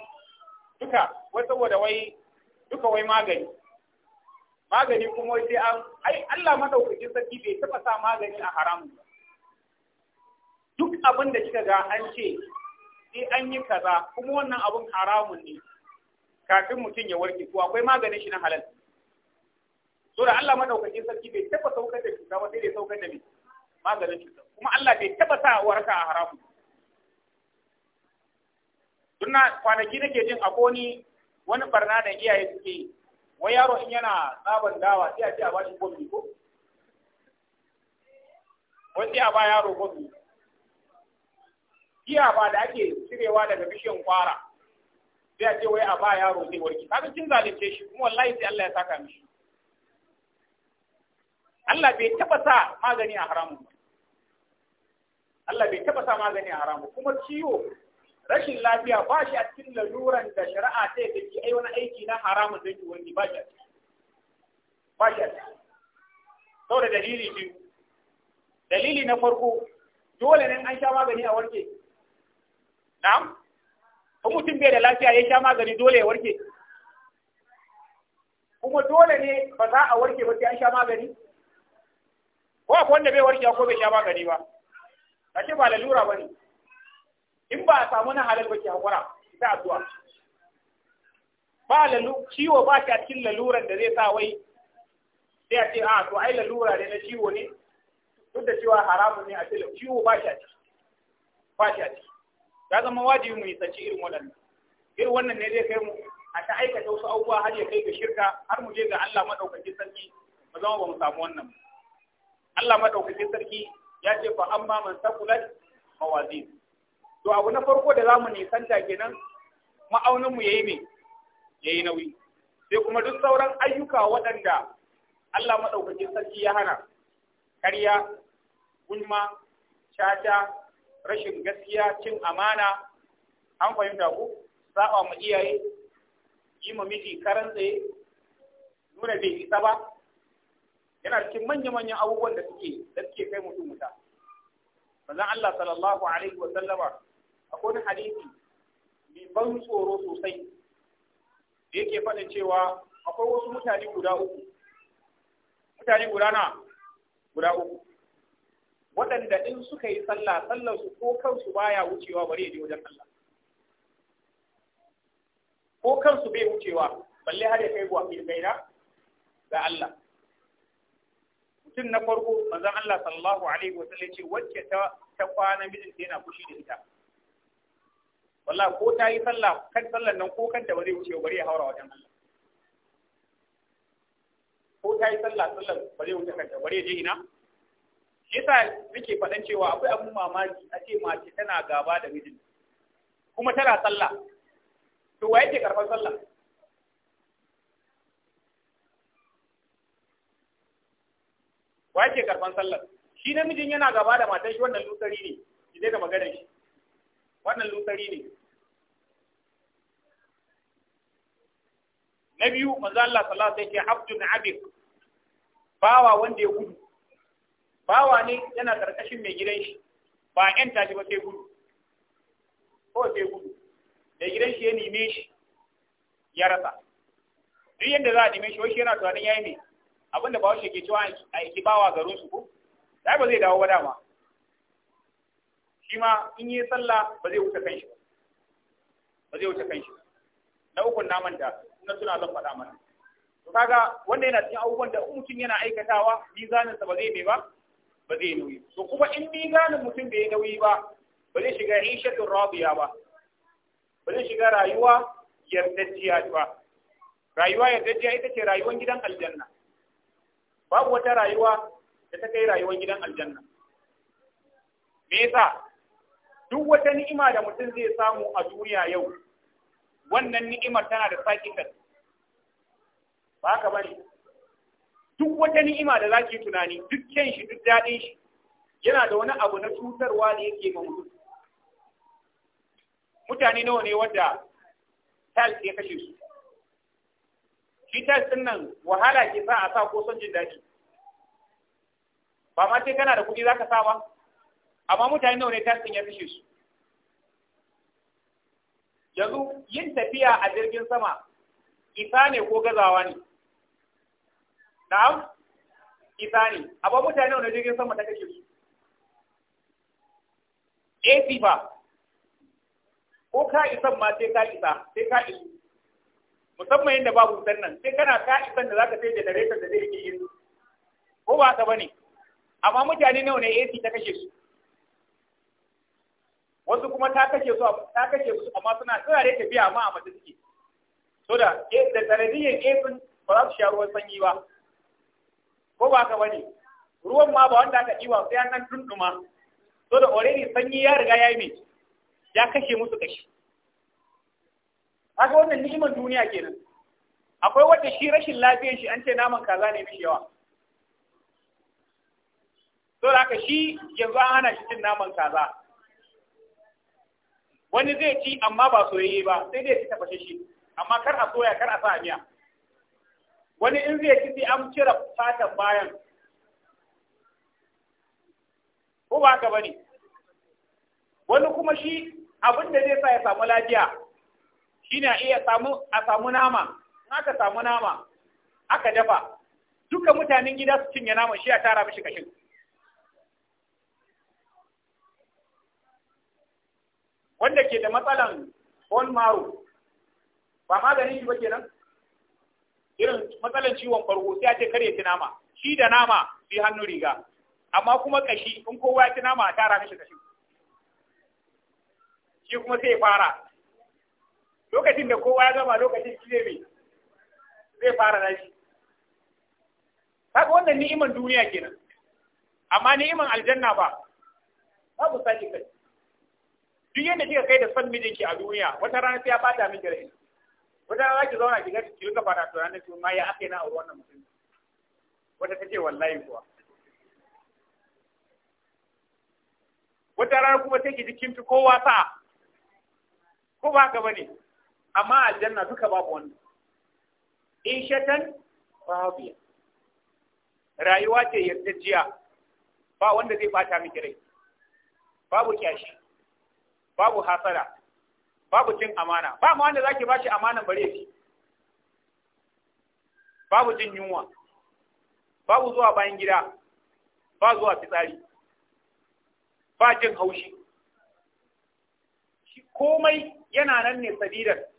duka wai saboda wai duka wai magani magani kuma sai an ai Allah madaukakin sarki bai taba sa magani a haramun duk abin da kika ga an ce sai an yi kaza kuma wannan abin haramun ne kafin mutum ya warke ko akwai maganin shi na halal sura da Allah madaukakin sarki bai taba saukar da cuta ba sai dai saukar da mai maganin cuta kuma Allah bai taba sa warka a haramu tunna kwanaki nake jin akoni wani barna da iyaye suke wai yaro in yana tsaban dawa sai a ce a bashi gobi ko wani a ba yaro gobi giya ba da ake cirewa daga bishiyan kwara sai a ce wai a ba yaro zai warki kaga kin zalunce shi kuma wallahi sai Allah ya saka mishi Allah bai taba sa magani a haramun ba Allah bai taba sa magani a haramun kuma ciwo rashin lafiya ba shi a cikin laluran da shari'a ta yi ai wani aiki na haramun da wani ba shi a ba shi a ciki saboda dalili biyu dalili na farko dole ne an sha magani a warke na'am Ko mutum bai da lafiya ya sha magani dole ya warke kuma dole ne ba za a warke ba sai an sha magani ko akwai wanda bai warke ko bai sha magani ba kace ba lalura bane in ba a samu na halal ba ki hakura sai addu'a ba lalu ciwo ba shi a cikin laluran da zai sa wai sai a ce a ah, to ai lalura ne na ciwo ne duk da cewa haramun ne a ce ciwo ba shi a ba shi a ya zama wajibi mu nisanci irin wannan. irin wannan ne zai kai mu a ta aikata wasu abubuwa har ya kai ga shirka har mu je ga Allah madaukakin sarki mu zama ba mu samu wannan ba Allah madaukakin sarki ya ce fa amma man sakulat mawazin to abu na farko da zamu nisanta kenan ma'aunin mu yayi ne yayi nauyi sai kuma duk sauran ayyuka waɗanda Allah madaukakin sarki ya hana ƙarya gulma shata rashin gaskiya cin amana an fahimta ku saba mu iyaye yi ma miji karan tsaye nuna bai isa ba yana cikin manya-manyan abubuwan da suke da suke kai mutum wuta manzon Allah sallallahu alaihi wa sallama akwai hadisi mai ban tsoro sosai da yake faɗin cewa akwai wasu mutane guda uku mutane guda na guda uku waɗanda in suka yi sallah sallar su ko kansu baya wucewa bare ya je wajen Allah ko kansu bai wucewa balle har ya kai ga Allah mutum na farko manzon Allah sallallahu alaihi wa sallam ce wacce ta ta kwana mijinta yana fushi da ita wallahi ko ta yi sallah kan sallan nan ko kanta ba zai wuce bari ya haura wajen Allah ko ta yi sallah sallan ba zai wuce kanta bari ya je ina yasa nake faɗan cewa akwai abun mamaki a ce mace tana gaba da mijin kuma tana sallah to wa ke karɓar sallah Ba ke karban sallar shi namijin yana gaba da matan shi wannan lutsari ne ki dai da magana shi wannan lutsari ne na biyu manzo Allah sallallahu alaihi wasallam abdun abik bawa wanda ya gudu bawa ne yana karkashin mai gidan shi ba yan tashi ba sai gudu ko sai gudu da gidan shi ya nime shi ya rasa duk yadda za a nime shi wai shi yana tunanin yayi ne abinda ba shi ke cewa a iki bawa garin su ko dai ba zai dawo ba dama shi ma in yi sallah ba zai wuce kanshi ba ba zai wuce kanshi na ukun na manta na tuna zan faɗa mana to kaga wanda yana cikin abubuwan da mutum yana aikatawa mizanin sa ba zai mai ba ba zai nauyi to kuma in mizanin mutum bai nauyi ba ba zai shiga ishatun radiya ba ba zai shiga rayuwa yardajiya ba rayuwa yardajiya ita ce rayuwar gidan aljanna babu wata rayuwa da ta kai rayuwar gidan aljanna me yasa duk wata ni'ima da mutum zai samu a duniya yau wannan ni'imar tana da sakitar ba ka bari duk wata ni'ima da zaki tunani duk kyan shi duk daɗin shi yana da wani abu na cutarwa da yake ma mutum mutane nawa ne wanda tal ya kashe su shi test din nan wahala ke sa a sa ko son jin daɗi ba ma sai kana da kuɗi za ka sa ba amma mutane nawa ne test din ya fishe su yanzu yin tafiya a jirgin sama isa ne ko gazawa ne na'am isa ne amma mutane nawa ne jirgin sama ta kashe su AC ba ko ka isa ma sai ka isa sai ka isu musamman yadda babu wutar nan sai kana ka da da ka sai generator da zai yi ko ba ta bane amma mutane nawa ne AC ta kashe su wasu kuma ta kashe su ta kashe su amma suna suna tafiya amma a mace suke so da da sanadiyyar AC ba za su sha ruwan sanyi ba ko ba ka bane ruwan ma ba wanda aka iwa sai an nan dunduma so da already sanyi ya riga ya yi ya kashe musu kashi kaga wannan ni'imar duniya kenan akwai wanda shi rashin lafiyar shi an ce naman kaza ne mishi yawa to haka shi yanzu an hana shi cin naman kaza wani zai ci amma ba soyayye ba sai dai ci tafashe shi amma kar a soya kar a sa miya wani in zai ci sai an cire fatan bayan ko ba haka bane wani kuma shi abin zai sa ya samu lafiya ina iya samu a samu nama in aka samu nama aka dafa duka mutanen gida su cinye nama shi a tara mishi kashin wanda ke da matsalan bone marrow ba maganin shi ba ke nan. irin matsalan ciwon farko sai a ce kare ci nama shi da nama sai hannu riga amma kuma kashi in kowa ya ci nama a tara mishi kashin. shi kuma sai fara lokacin da kowa ya gama lokacin shi zai mai zai fara rashi haka wannan ni'iman duniya kenan amma ni'iman aljanna ba babu sani kai duk yadda kika kai da son mijinki a duniya wata rana sai ya bata miki rai wata rana ki zauna ki ga ki rika fara tunanin to ma ya ake na a wannan mutum wata tace wallahi kuwa wata rana kuma sai ki ji kin fi kowa sa'a ko ba ka bane amma aljanna duka babu wannan babu rabiya rayuwa ce yardajiya ba wanda zai bata miki rai babu kyashi babu hasara babu cin amana ba ma wanda zaki bashi amanan bare shi babu jin yunwa babu zuwa bayan gida ba zuwa fitsari ba jin haushi komai yana nan ne sabidar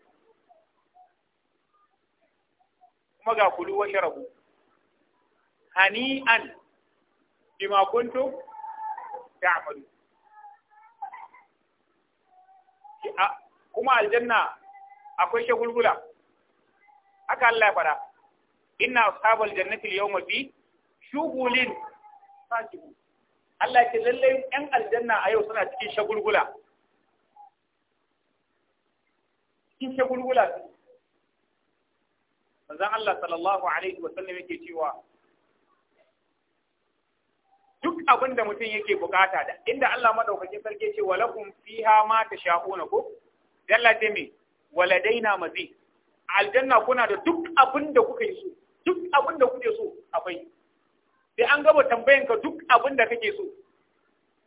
kuma ga kulu wa sharabu an bima kuntum ta'malu kuma aljanna akwai shagulgula haka Allah ya fara inna ashabal jannati al-yawma fi shughulin fajibu Allah ce lalle yan aljanna a yau suna cikin shagulgula cikin shagulgula manzon Allah sallallahu alaihi wa sallam yake cewa duk abin da mutum yake bukata da inda Allah madaukakin sarki ce lakum fiha ma tasha'una ko dalla ce me waladaina mazi aljanna kuna da duk abin da kuka yi so duk abin da kuke so akwai sai an gaba tambayan ka duk abin da kake so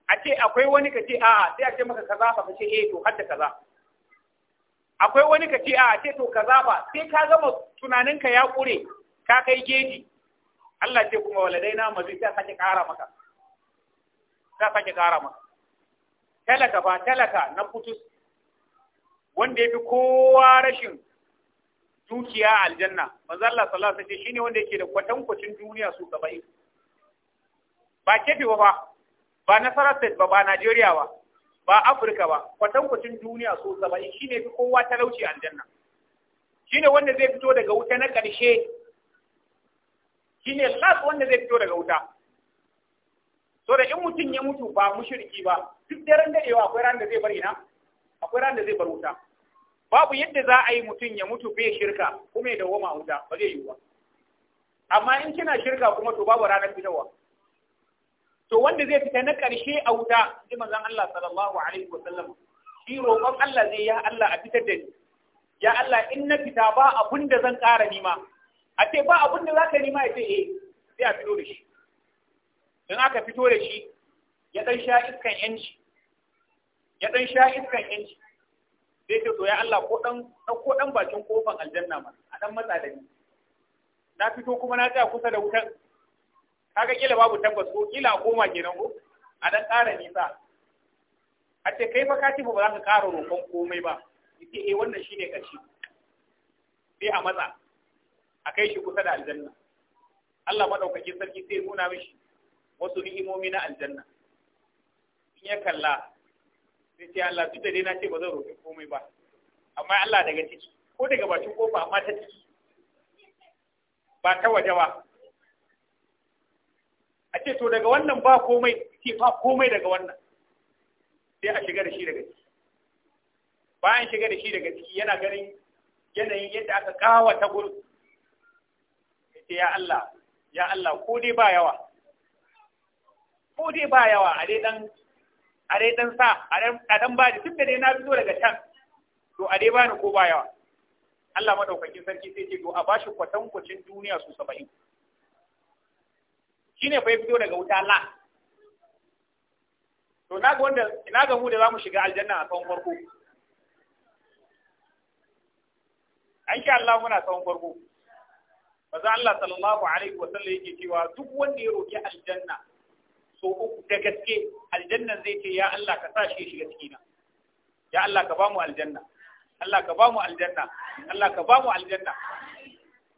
a ce akwai wani ka ce a'a sai a ce maka kaza ba ka ce eh to hadda kaza akwai wani ka ce a ah, ce to kaza ba sai ka gama tunaninka ya kure ka kai geji Allah ce kuma waladai na mazi sai sake kara maka sai sake kara maka talaka ba talaka na kutus wanda ya fi kowa rashin dukiya a aljanna manzo Allah sallallahu alaihi wasallam shine wanda yake da kwatankwacin duniya su gaba ba kefi ba ba Nasarar state ba ba Najeriya ba ba Afirka ba kwatankwacin duniya so saba'in ne fi kowa talauci aljanna ne wanda zai fito daga wuta na ƙarshe Shi ne las wanda zai fito daga wuta so da in mutum ya mutu ba mushriki ba duk ran daɗewa akwai ran da zai bar ina akwai ran da zai bar wuta babu yadda za a yi mutum ya mutu bai shirka kuma ya dawoma a wuta ba zai yi ba amma in kina shirka kuma to babu ranar fitowa to wanda zai fita na ƙarshe a wuta ji manzon Allah sallallahu alaihi wa sallam shi roƙon Allah zai ya Allah a fitar da ni ya Allah in na fita ba abun da zan ƙara nima a ce ba abun da zaka nima ya ce eh sai a fito da shi in aka fito da shi ya dan sha iskan yanci ya dan sha iskan yanci zai ce to ya Allah ko dan ko dan bakin kofan aljanna ma a dan matsa da ni na fito kuma na tsaya kusa da wutan kaga kila babu tabbas ko kila a koma kenan ko a dan ƙara nisa a ce kai fa katibu ba za ka ƙara roƙon komai ba yace eh wannan shine ƙarshe sai a matsa a kai shi kusa da aljanna Allah madaukakin sarki sai nuna mishi wasu ni'imomi na aljanna in ya kalla sai ce Allah duk da dai na ce ba zan roƙi komai ba amma Allah daga ciki ko daga bakin kofa amma ta ciki ba ta waje ba a ce to daga wannan ba komai ce ba komai daga wannan sai a shiga da shi daga ciki bayan shiga da shi daga ciki yana ganin yanayin yadda aka ta gurin sai ya Allah ya Allah ko dai ba yawa ko dai ba yawa a dai dan a dai dan sa a dan a dan ba tun da dai na fito daga can to a dai bani ko ba yawa Allah madaukakin sarki sai ce to a bashi kwatankwacin duniya su 70 shine fa ya fito daga wuta la to na ga wanda ina ga mu da zamu shiga aljanna a tsawon farko an sha Allah muna tsawon farko maza Allah sallallahu alaihi wa sallam yake cewa duk wanda ya roki aljanna so uku da gaske aljanna zai ce ya Allah ka sa shi shiga cikina ya Allah ka ba mu aljanna Allah ka ba mu aljanna Allah ka ba mu aljanna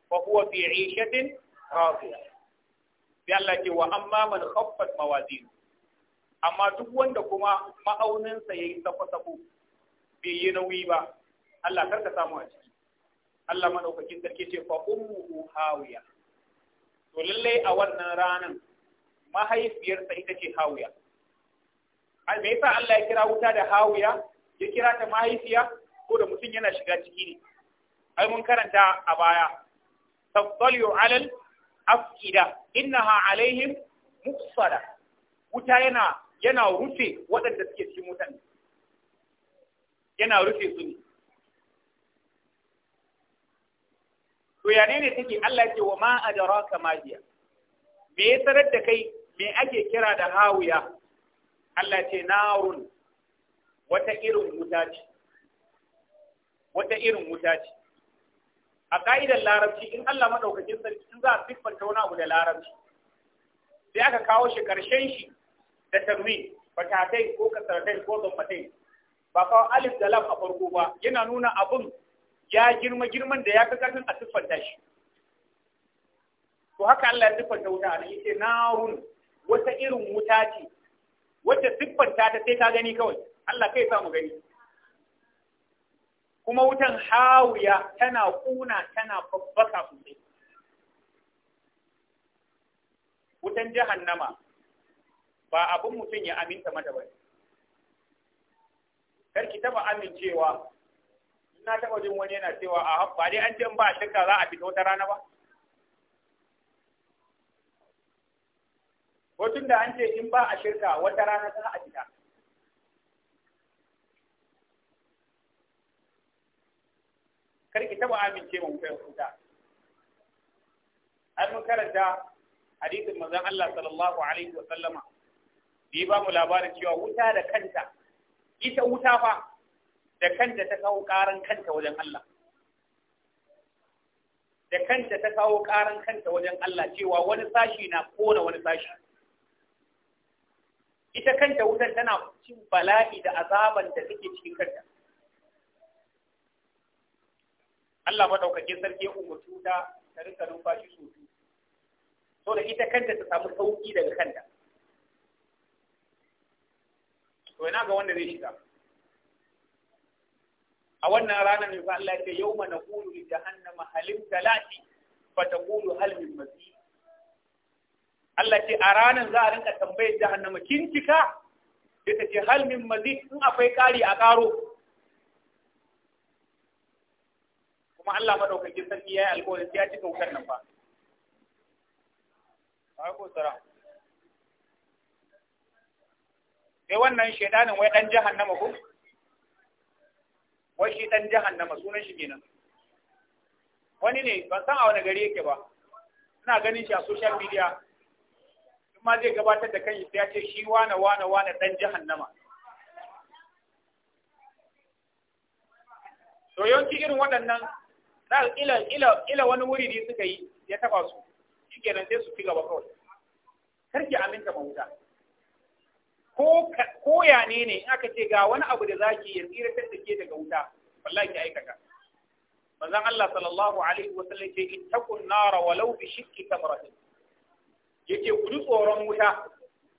fa huwa fi 'ishatin radiya sai Allah ce wa amma man khaffat mawazinu amma duk wanda kuma ma'auninsa yayi sako-sako bai yi nauyi ba Allah kar ka samu a ciki Allah madaukakin sarki ce fa ummuhu hawiya to lalle a wannan ranan mahaifiyarsa ita ce hawiya ai me yasa Allah ya kira wuta da hawiya ya kira ta mahaifiya ko da mutum yana shiga ciki ne ai mun karanta a baya tafdalu alal afkida innaha alaihim muqsada wuta yana yana rufe waɗanda suke cikin wutan yana rufe su ne to ya ne take Allah ce wa ma adraka ma hiya me ya sanar da kai me ake kira da hawiya Allah ce narun wata irin wuta ce wata irin wuta ce a ka'idar larabci in Allah madaukakin sarki in za a siffanta wani abu da larabci sai aka kawo shi karshen shi da tarwi, fatatai ko kasaratai ko zammatai ba kawo alif da lam a farko ba yana nuna abun ya girma girman da ya fi karfin a siffanta shi to haka Allah ya siffanta wuta ne yake narun wata irin wuta ce wacce siffanta ta sai ka gani kawai Allah kai sa mu gani kuma wutan hawiya tana kuna tana babbaka sosai wutan jahannama ba abin mutum ya aminta mata ba ki taba amincewa na taba jin wani yana cewa a ba dai an jin ba shakka za a fita wata rana ba Hotun da an ce in ba a shirka wata rana za a fita kar ki taba amince ma wutar wuta an mun karanta hadisin manzon Allah sallallahu alaihi wa sallama da ba mu labarin cewa wuta da kanta ita wuta fa da kanta ta kawo karan kanta wajen Allah da kanta ta kawo karan kanta wajen Allah cewa wani sashi na kona wani sashi ita kanta wutar tana cin bala'i da azaban da take cikin kanta Allah madaukakin sarki ya umurtu ta ta rinka numfashi so su so da ita kanta ta samu sauki daga kanta to ina ga wanda zai shiga a wannan ranar ne fa Allah ya ce yawma naqulu li jahannama halim talati fa taqulu hal min mazid Allah ce a ranar za a rinka tambayar jahannama kin cika sai ta ce hal min mazid in akwai kari a karo kuma Allah madaukakin sarki ya yi alƙawarin sai ya ci wutar nan ba ko tsara sai wannan shaidanin wai dan jahannama ko wai shi dan jahannama sunan shi kenan wani ne ban san a wani gari yake ba ina ganin shi a social media Kuma ma zai gabatar da kanshi sai ya ce shi wane wane wane dan jahannama to yawanci irin waɗannan za ila ila ila wani wuri ne suka yi ya taba su shikenan sai su ci gaba kawai karki aminta ma wuta ko ko ya ne ne aka ce ga wani abu da zaki ya tsira ta take daga wuta wallahi ki aikata manzon Allah sallallahu alaihi wa sallam ce ittaqun nara walau bi shikki tamratin yake ku ji tsoron wuta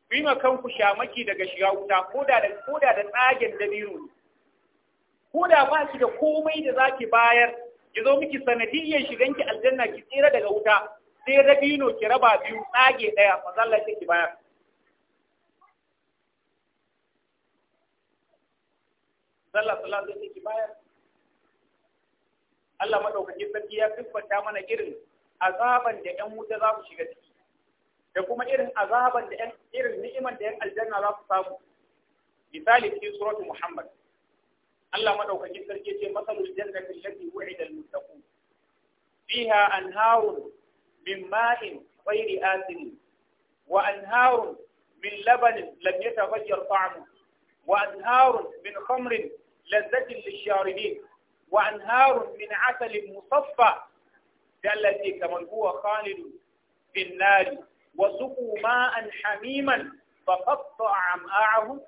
ku yi kanku shamaki daga shiga wuta ko da da tsagen dabino ne ko da ba shi da komai da zaki bayar ki zo miki sanadiyyar shiganki aljanna ki tsira daga wuta sai rabino ki raba biyu tsage daya manzo ki bayar sallallahu alaihi wasallam bayar Allah madaukakin sarki ya siffanta mana irin azaban da ƴan wuta za ku shiga ciki da kuma irin azaban da ƴan irin ni'iman da ƴan aljanna za ku samu misali cikin suratul muhammad الله ما لو كنت سرقيت مثل الجنة التي وعد المتقون فيها أنهار من ماء غير آسن وأنهار من لبن لم يتغير طعمه وأنهار من خمر لذة للشاربين وأنهار من عسل مصفى جلت كمن هو خالد في النار وسقوا ماء حميما فقطع أمعاءهم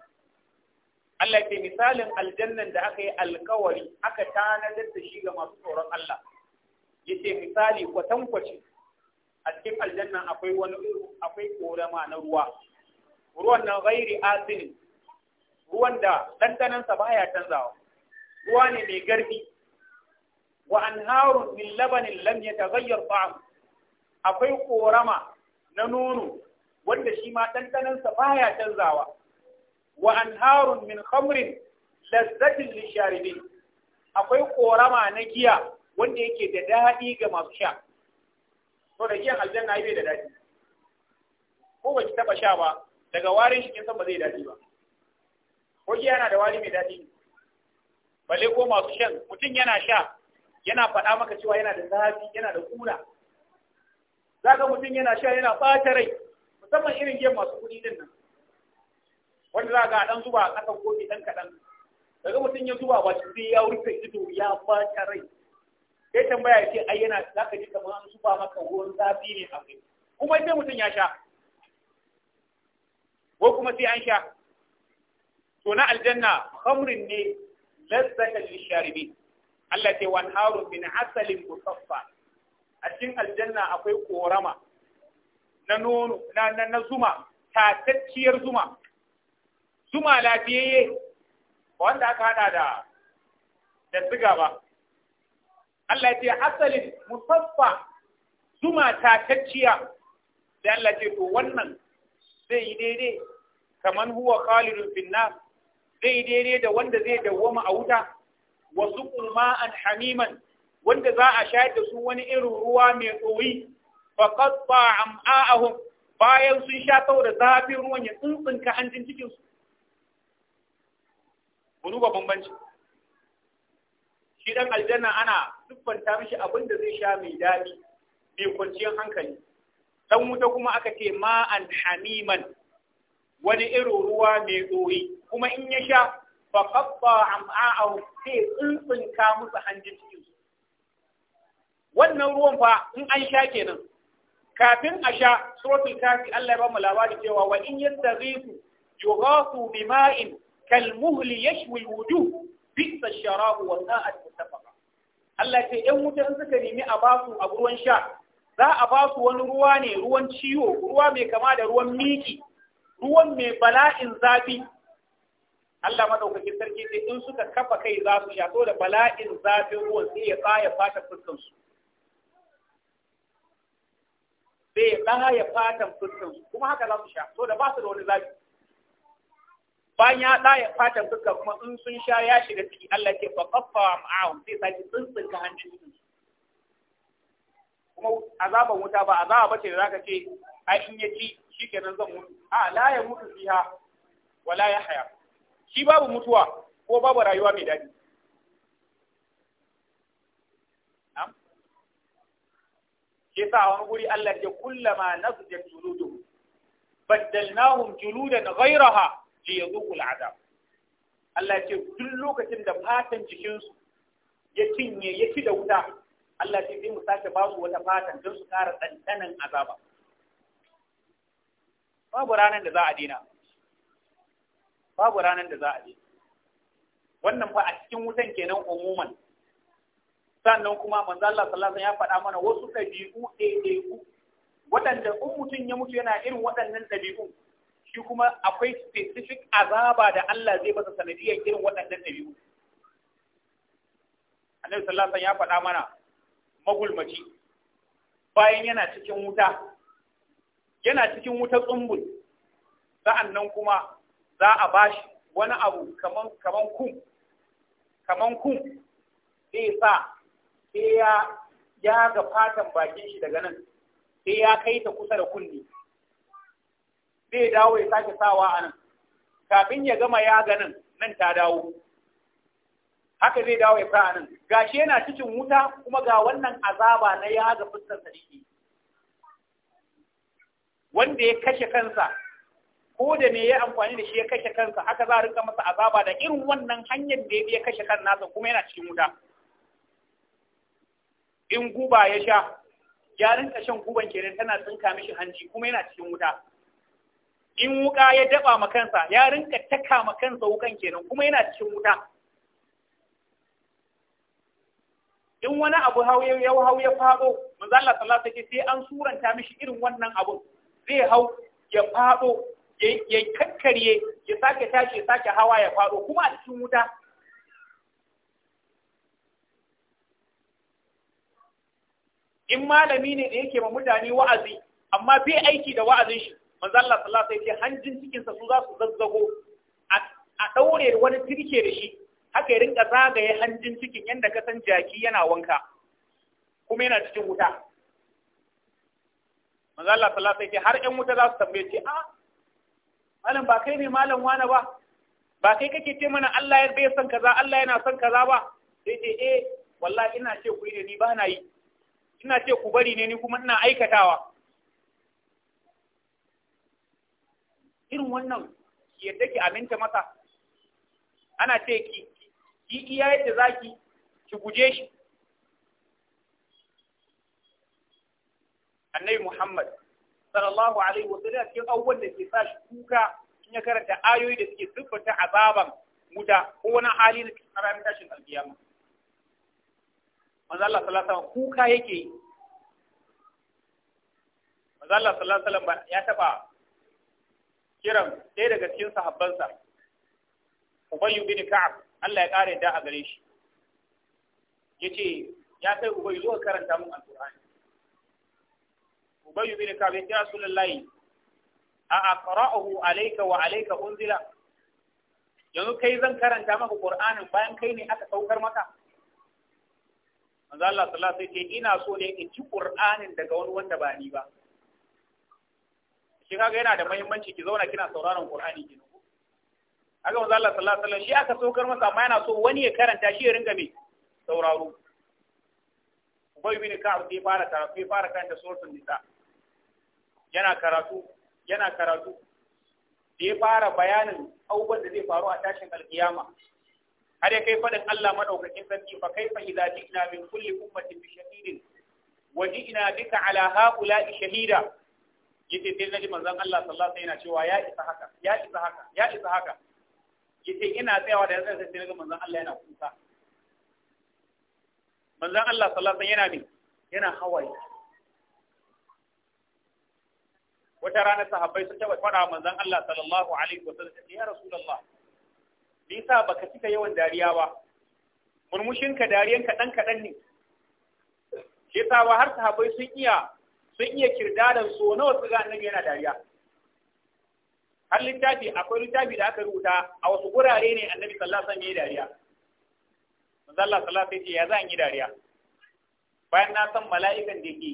Allah ce misalin aljannan da aka yi alkawari aka tanadar da shi ga masu tsoron Allah ya ce misali kwatankwaci a cikin aljanna akwai wani akwai korama na ruwa ruwan nan gairi asin ruwan da ɗanɗanansa ba ya canzawa ruwa ne mai garbi wa anharun min labanin lam yataghayyar ta'am akwai korama na nono wanda shi ma ɗanɗanansa ba ya canzawa wa من min khamrin للشاربين lisharibin akwai korama na giya wanda yake da daɗi ga masu sha to da giyan aljanna bai da daɗi ko ba ki taba sha ba daga warin shi kin san ba zai daɗi ba ko ki yana da wari mai daɗi balle ko masu shan mutum yana sha yana faɗa maka cewa yana da zafi yana da kula za ka mutum yana sha yana ɓata rai musamman irin giyan masu kuɗi din nan wanda za ga dan zuba a ƙasan kofi dan kaɗan daga mutum ya zuba ba sai ya rufe ido ya bata rai sai tambaya ya ce ai yana za ka ji kamar an zuba maka ruwan zafi ne a kai kuma sai mutum ya sha ko kuma sai an sha to na aljanna khamrin ne lazzatan lisharibi Allah ce wan harun min asalin musaffa a cikin aljanna akwai korama na nono na na, na zuma tatacciyar zuma zuma lafiyayye wanda aka hada da da siga ba Allah ce asalin musaffa zuma tatacciya da Allah ce to wannan zai yi daidai Kamar huwa khalidun finna zai yi daidai da wanda zai dawwama a wuta wasu ma'an hamiman wanda za a shayar da su wani irin ruwa mai tsoyi faqatta am'a'ahum bayan sun sha saboda zafin ruwan ya tsuntsunka hanjin cikinsu ku duba bambanci shi dan aljanna ana siffanta mishi abin da zai sha mai daɗi mai kwanciyar hankali dan wuta kuma aka ce an hamiman wani irin ruwa mai tsori kuma in ya sha fa qabba am'a'ahu sai ka musu hanjin cikin wannan ruwan fa in an sha kenan kafin a sha suratul kafi Allah ya ba mu labari cewa wa in yastaghisu yughasu bima'in kalmuhli yashwi alwujuh bisa sharabu wa sa'at mutafaqa Allah ce ɗan wuta in suka nemi a basu a ruwan sha za a basu wani ruwa ne ruwan ciwo ruwa mai kama da ruwan miki ruwan mai bala'in zafi Allah madaukakin sarki sai in suka kafa kai za su sha da bala'in zafin ruwan sai ya tsaya fata fuskan su sai ya tsaya fatan fuskan su kuma haka za su sha da ba su da wani zafi bayan ya ɗaya fatan suka kuma in sun sha ya shiga ciki Allah ce fa kaffawa ma'ahum sai sake tsuntsunka hannun su kuma azaban wuta ba azaba bace da zaka ce ai in ya ci shikenan zan mutu a la ya mutu fiha wala ya haya shi babu mutuwa ko babu rayuwa mai daɗi ke sa wani guri Allah ya kullama nasjat juluduhum baddalnahum juludan ghayraha ji zuku al'adab Allah ce duk lokacin da fatan jikinsu ya cinye ya fi da wuta Allah ce zai mu sake ba su wata fatan don su kara ɗanɗanan azaba babu ranar da za a dina babu ranar da za a dina wannan fa a cikin wutan kenan umuman sannan kuma manzo Allah sallallahu alaihi wasallam ya faɗa mana wasu ɗabi'u ɗaiɗaiku waɗanda in mutum ya mutu yana irin waɗannan ɗabi'u shi kuma akwai specific azaba da Allah zai masa sanadiyar irin waɗannan ɗabi'u annabi sallallahu alaihi ya faɗa mana magulmaci bayan yana cikin wuta yana cikin wuta tsumbul nan kuma za a bashi wani abu kaman kaman kum kaman kum sai sa sai ya ga fatan bakin shi daga nan sai ya kai ta kusa da kunni zai dawo ya sake sawa a nan kafin ya gama ya ganin nan ta dawo haka zai dawo ya sa a nan shi yana cikin wuta kuma ga wannan azaba na ya ga fuskar sarki wanda ya kashe kansa ko da me ya amfani da shi ya kashe kansa haka za a rinka masa azaba da irin wannan hanyar da ya kashe kan nasa kuma yana cikin wuta in guba ya sha ya rinka shan guban kenan tana tsinka mishi hanji kuma yana cikin wuta in wuka ya daba ma kansa ya rinka taka ma kansa wukan kenan kuma yana cikin wuta in wani abu hauye ya hau ya fado manzo Allah sallallahu alaihi sai an suranta mishi irin wannan abu zai hau ya fado ya kakkarye ya sake tashi ya sake hawa ya fado kuma a cikin wuta in malami ne da yake ma mutane wa'azi amma bai aiki da wa'azin shi manzo Allah sallallahu alaihi wasallam hanjin cikin sa su za su zazzago a daure wani tirke da shi haka ya rinka zagaye hanjin cikin yanda ka san jaki yana wanka kuma yana cikin wuta manzo Allah sallallahu alaihi wasallam har ƴan wuta za su tambaye ce a ah, malam ba kai ne malam wani ba ba kai kake ce mana Allah ya bai san kaza Allah yana son kaza ba sai ce eh wallahi ina ce ku yi ne ni ba na yi ina ce ku bari ne ni kuma ina aikatawa irin wannan ki yadda ki aminta masa ana ce ki ki iya yadda zaki ki guje shi annabi Muhammad sallallahu alaihi wa sallam cikin awwal da ke sa shi kuka in ya karanta ayoyi da suke siffata azaban wuta ko wani hali na cikin ranar tashin alkiyama manzo Allah sallallahu alaihi kuka yake yi manzo Allah sallallahu alaihi ya taba kiran ɗaya daga cikin sahabbansa Ubayyu bin Ka'ab Allah ya ƙara da a gare shi yace ya kai Ubayyu zuwa karanta mun qurani Ubayyu bin Ka'ab ya ce Rasulullahi a aqra'uhu alayka wa alayka unzila yanzu kai zan karanta maka Qur'anin bayan kai ne aka saukar maka manzo Allah sallallahu alaihi wasallam ina so ne in ci Qur'anin daga wani wanda ba ni ba shi kaga yana da muhimmanci ki zauna kina sauraron Qur'ani ki haka manzo Allah sallallahu alaihi wasallam shi aka saukar masa amma yana so wani ya karanta shi ya ringa mai sauraro Ubay bin Ka'ab sai fara karatu sai fara karanta suratul nisa yana karatu yana karatu da fara bayanin abubuwan da zai faru a tashin alkiyama har ya kai faɗin Allah maɗaukacin sarki fa kai fa idza ji'na min kulli ummatin bi shahidin wa ji'na bika ala ha'ula'i shahida ce, sai naji manzon Allah sallallahu alaihi wasallam yana cewa ya isa haka ya isa haka ya isa haka ce ina tsayawa da yanzu sai naji manzon Allah yana kusa manzon Allah sallallahu alaihi wasallam yana ne yana hawaye wata rana sahabbai sun taɓa fara manzon Allah sallallahu alaihi wasallam ya rasulullah me yasa baka cika yawan dariya ba murmushinka dariyanka dan kadan ne shi ba har sahabbai sun iya sun iya kirdadan so nawa wasu annabi yana dariya har littafi akwai littafi da aka rubuta a wasu gurare ne annabi sallallahu alaihi wasallam yayi dariya manzo Allah sallallahu alaihi wasallam ya zan yi dariya bayan na san mala'ikan da ke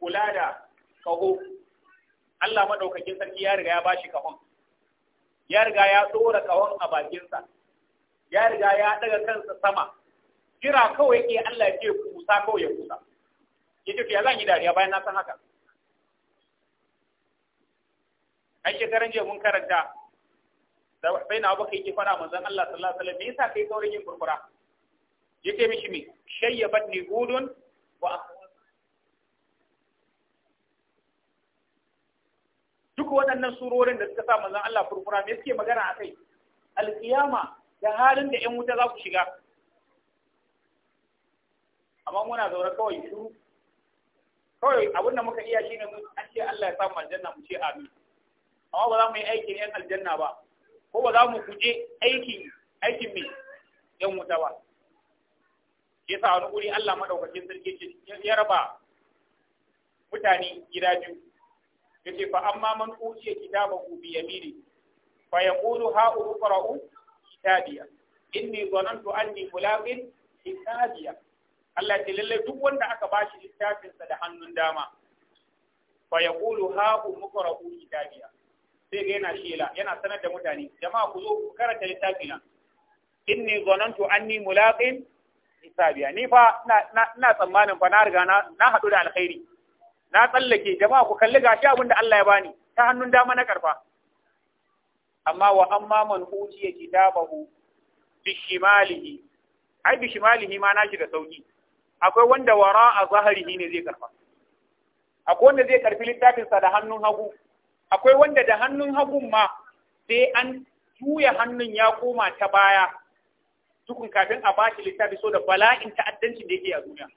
kula da kaho Allah madaukakin sarki ya riga ya bashi kahon ya riga ya tsora kahon a bakinsa ya riga ya daga kansa sama jira kawai ke Allah ya ce kusa kawai ya kusa ya ya zan yi dariya bayan na san haka ai shekaran jiya mun karanta sai na baka ke fara manzon Allah sallallahu alaihi wasallam me yasa kai saurin yin kurkura yace mishi me shayyabat ni gudun wa duk waɗannan surorin da suka sa manzon Allah kurkura me suke magana akai alkiyama da halin da ƴan wuta za ku shiga amma muna zaune kawai shiru kawai abin da muka iya shine mu an ce Allah ya mu aljanna mu ce amin amma ba za mu yi aikin yan aljanna ba ko ba za mu kuje aikin aikin me yan wuta ba yasa wani guri Allah madaukakin sarki ya raba mutane gida biyu ce fa amma man utiya kitabahu bi yamini fa yaqulu ha uqra'u kitabiya inni dhanantu anni mulaqin kitabiya Allah ce lallai duk wanda aka ba shi littafinsa da hannun dama fa yaqulu ha umqra'u kitabiya sai ga yana shela yana sanar da mutane jama'a ku zo ku karanta littafina inni zanantu anni mulaqin hisabiya ni fa ina tsammanin fa na riga na haɗu da alkhairi na tsallake jama'a ku kalli ga abin da Allah ya bani ta hannun dama na karfa amma wa amma man utiya kitabahu bishimalihi ai bishimalihi ma shi da sauki akwai wanda wara a zahari ne zai karfa akwai wanda zai karfi littafinsa da hannun hagu akwai wanda da hannun hagun ma sai an juya hannun ya koma ta baya tukun kafin a bashi littafi so da bala'in ta'addanci da yake a duniya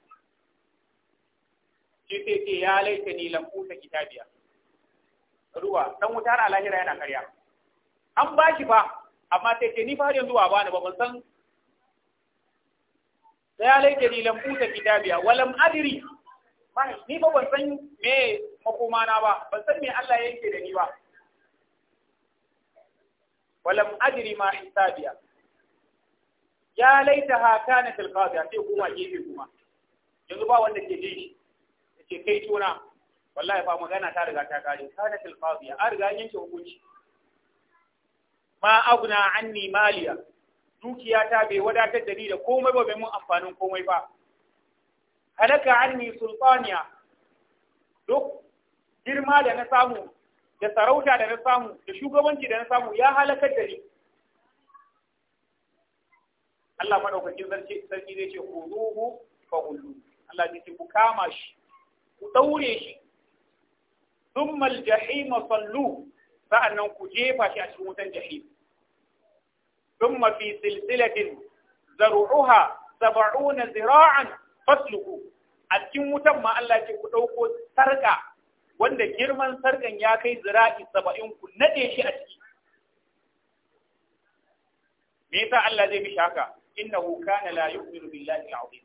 shi sai ce ya laita ni lam uta kitabiya ruwa dan har alahira yana karya an bashi fa amma sai ce ni fa yanzu ba bani ba ban san da ya laita ni lam uta kitabiya walam adri ni ba ban san me makoma na ba ban san me Allah yake da ni ba walam adri ma hisabiya ya laita ha kana qadiya sai kuma gefe kuma yanzu ba wanda ke ji yake kai tona wallahi fa magana ta riga ta kare kana tilqadiya an riga yanke hukunci ma agna anni maliya dukiyata bai wadatar da ni da komai ba bai mun amfanin komai ba halaka anni sultaniya duk girma da na samu da sarauta da na samu da shugabanci da na samu ya halakar da ni Allah madaukakin sarki zai ce khuduhu fa kullu Allah zai ce ku kama shi ku daure shi thumma al-jahima sallu sa'annan ku jefa shi a cikin wutan jahim ثم في سلسلة زرعها سبعون زراعا فاسلكوا a متما wutan ma Allah ce ku ɗauko sarƙa wanda girman sarƙan ya kai zira'i saba'in ku naɗe shi a ciki. Me yasa Allah zai mishi haka? Innahu kana la yu'minu billahi al-azim.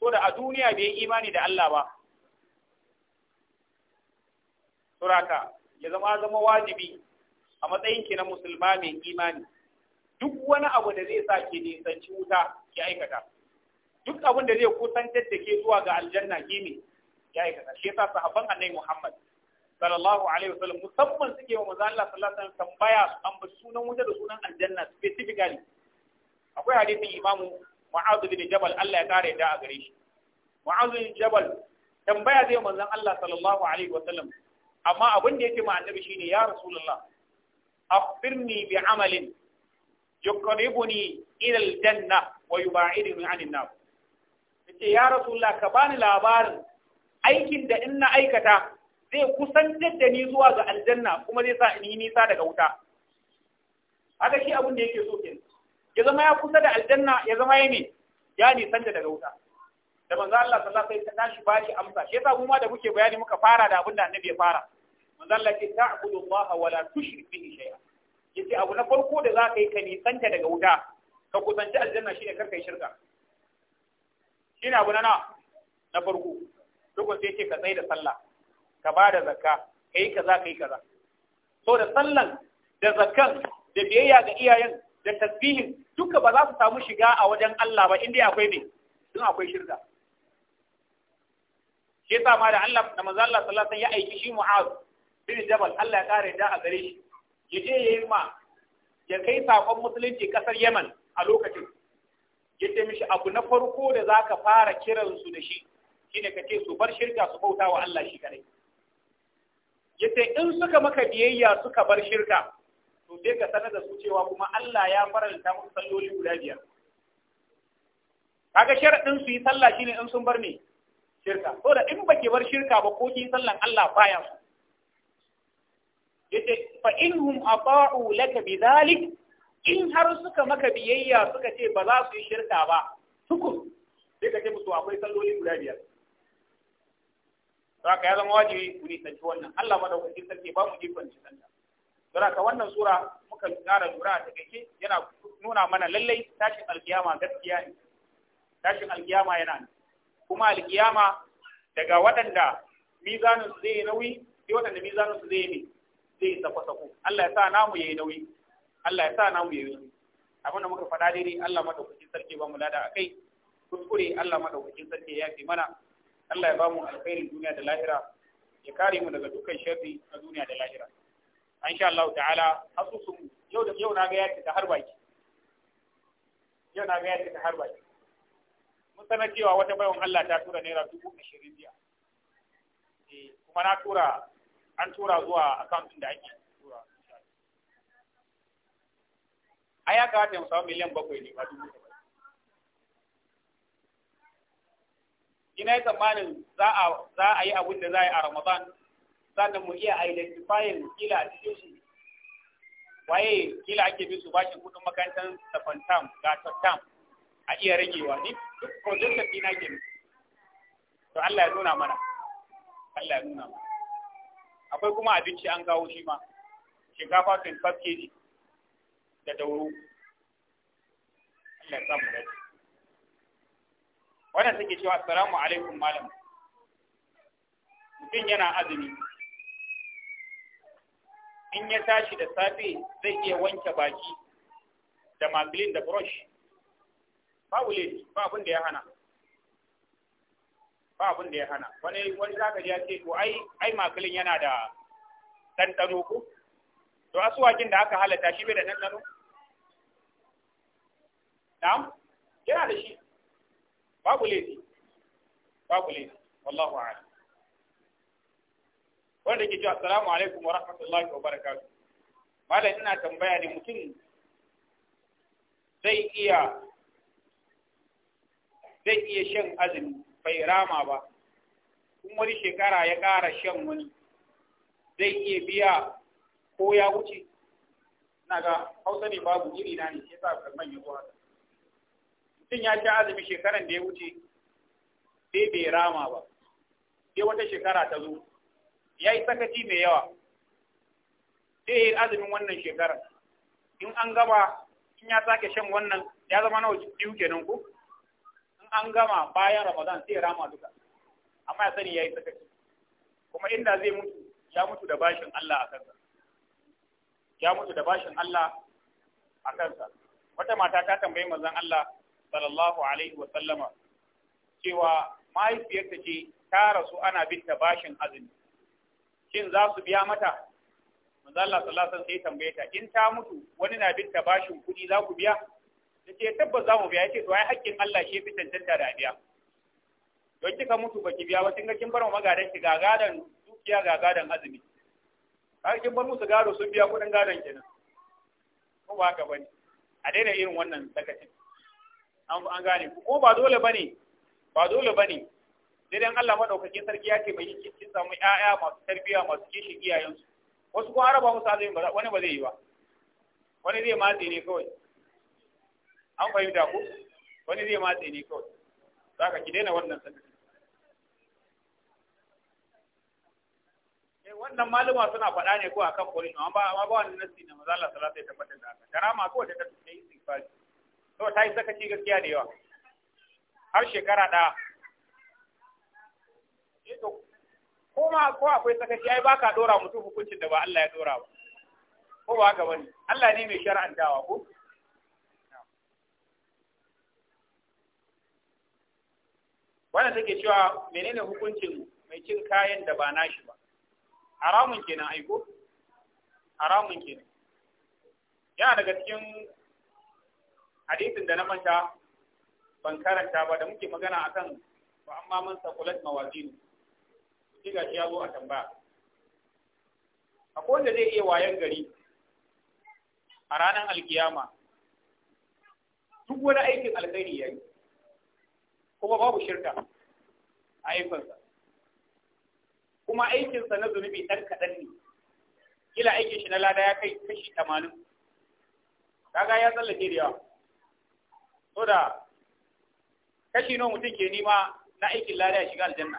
So da a duniya bai imani da Allah ba. Suraka ya zama zama wajibi a matsayin ki na musulma mai imani. duk wani abu da zai sa ke nisanci wuta ya aikata duk abin da zai kusantar da ke zuwa ga aljanna ke ne ya aikata shi yasa sahabban annabi Muhammad sallallahu alaihi wasallam musamman suke wa manzo Allah sallallahu alaihi wasallam tambaya su an bi sunan wuta da sunan aljanna specifically akwai hadisin imamu Mu'adh bin Jabal Allah ya kare da a gare shi Mu'adh bin Jabal tambaya zai manzo Allah sallallahu alaihi wasallam amma abin da yake ma annabi shine ya rasulullah akhbirni bi amalin yuqribuni ila aljanna wa an an nar yace ya rasulullah ka bani labarin aikin da in na aikata zai kusantar da ni zuwa ga aljanna kuma zai sa ni nisa daga wuta haka shi abin da yake so kenan ya zama ya kusa da aljanna ya zama ya ne ya nisanta daga wuta da manzo Allah sallallahu alaihi wasallam shi bashi amsa shi yasa mu ma da muke bayani muka fara da abin da annabi ya fara manzo Allah ke ta'budu Allah wa la tushrik bihi shay'a yace abu na farko da za ka yi ka nisanta daga wuta ka kusanci aljanna shine karka yi shirka shine abu na na farko duk sai ce ka tsaye da sallah ka ba da zakka ka yi kaza ka yi kaza so da sallan da zakkan da biyayya ga iyayen da tasbihin duka ba za su samu shiga a wajen Allah ba inda akwai ne sun akwai shirka shi yasa ma da Allah da manzo Allah sallallahu alaihi wasallam ya aiki shi Mu'az bin Jabal Allah ya kare da a gare shi ya je ya yi ma ya kai sakon musulunci kasar Yemen a lokacin ya ce mishi abu na farko da za ka fara kiransu da shi shine ka ce su bar shirka su bauta wa Allah shi kare ya ce in suka maka biyayya suka bar shirka to sai ka sanar da su cewa kuma Allah ya faranta musu salloli guda biyar kaga sharadin su yi sallah shine in sun bar ne shirka to da in baki bar shirka ba ko ki sallan Allah baya su yace fa inhum ata'u laka bidhalik in har suka maka biyayya suka ce ba za su yi shirka ba Tukun sai ka ce musu akwai salloli guda biyar za ka ya zama wajibi ku nisanci wannan Allah madaukakin sarki ba mu jifan nisanta don ka wannan sura muka tsara lura a takaice yana nuna mana lallai tashin alkiyama gaskiya ne tashin alkiyama yana ne kuma alkiyama daga waɗanda mizanin su zai nauyi sai waɗanda mizanin su zai ne zai sako-sako Allah ya sa namu yayi nauyi Allah ya sa namu yayi nauyi abin da muka faɗa daidai Allah madaukakin sarki ba mu lada a kai. kuskure Allah madaukakin sarki ya fi mana Allah ya ba mu alkhairin duniya da lahira ya kare mu daga dukkan sharri na duniya da lahira An sha Allah ta'ala asusun yau da yau na ga ya ta har baki yau na ga ya ta har baki mun sanar cewa wata bayan Allah ta tura naira dubu ashirin biya eh, kuma na tura an tura zuwa account da ake tura a ya kawo mu samu miliyan bakwai ne ba dubu da ina yi tsammanin za a yi abin da za a yi a ramadan sannan mu iya identifying kila a cikin su waye kila ake bi su bashin kudin makarantar tafan tam ga tam a iya ragewa ni duk project ɗina ke to Allah ya nuna mana Allah ya nuna mana akwai kuma abinci an kawo shi ma shinkafa 25 kg da dauro Allah ya samu dace wannan take cewa assalamu alaikum malam mutum yana azumi in ya tashi da safe zai iya wanke baki da maglin da brush babu laifi ba abin da ya hana ba abin da ya hana wani wani zaka ji ya ce to ai ai makilin yana da ɗanɗano ko to asuwakin da aka halata shi bai da ɗanɗano na'am yana da shi babu laifi babu laifi wallahu a'lam wanda ke cewa assalamu alaikum wa rahmatullahi wa barakatuh malam ina tambaya ne mutum zai iya zai iya shan azumi bai rama ba kun wani shekara ya ƙara shan wani zai iya biya ko ya wuce na ga hausa ne babu iri na ne sai sa manya haka. mutum ya ci azumi shekaran da ya wuce sai bai rama ba sai wata shekara ta zo ya yi sakaci mai yawa sai ya yi azumin wannan shekarar in an gaba in ya sake shan wannan ya zama nawa biyu kenan ko an gama bayan Ramadan sai rama duka amma ya sani yayi sakaci kuma inda zai mutu ya mutu da bashin Allah a kansa ya mutu da bashin Allah a kansa wata mata ta tambayi manzon Allah sallallahu alaihi wa sallama cewa mahaifiyarta ce ta rasu ana binta bashin azumi shin za su biya mata manzon Allah sallallahu alaihi wa sallam sai tambaye ta in ta mutu wani na binta bashin kuɗi za ku biya ce tabbas za mu biya ce to ai haƙƙin Allah shi fi tantanta da biya don kika mutu baki biya ba kinga kin bar mu magadan ki ga gadan dukiya ga gadan azumi har kin bar musu gado sun biya kuɗin gadon kenan ko ba ka bane a daina irin wannan sakaci an an gane ko ba dole bane ba dole bane sai dan Allah madaukakin sarki ya ce bai kin samu ƴaƴa masu tarbiyya masu kishin iyayensu wasu ko araba musu azumi ba wani ba zai yi ba wani zai matse ne kawai an fahimta ku wani zai matse ne kawai za ka ki daina wannan sakaci eh, wannan maluma suna faɗa ne ko akan polin amma ba ba wani nasi ne maza Allah sallallahu alaihi tabbatar da haka darama ko da ta yi istighfar to ta yi sakaci gaskiya da yawa har shekara da eh, ko ma ko akwai sakaci ai baka dora mutum hukuncin da ba Allah ya dora ba ko ba haka bane Allah ne mai shari'antawa ko wannan take cewa menene hukuncin mai cin kayan da ba nashi ba haramun kenan aiko haramun kenan yana daga cikin hadisin da na manta ban karanta ba da muke magana akan ba amma mun sakulat mawazinu shi ga shi ya zo a tambaya akwai wanda zai iya wayan gari a ranar alkiyama duk wani aikin alkhairi ya yi kuma babu shirka a aikinsa kuma aikinsa na zunubi ɗan kaɗan ne kila aikin shi na lada ya kai kashi tamanin kaga ya tsallake da yawa so da kashi nawa mutum ke nima na aikin lada ya shiga aljanna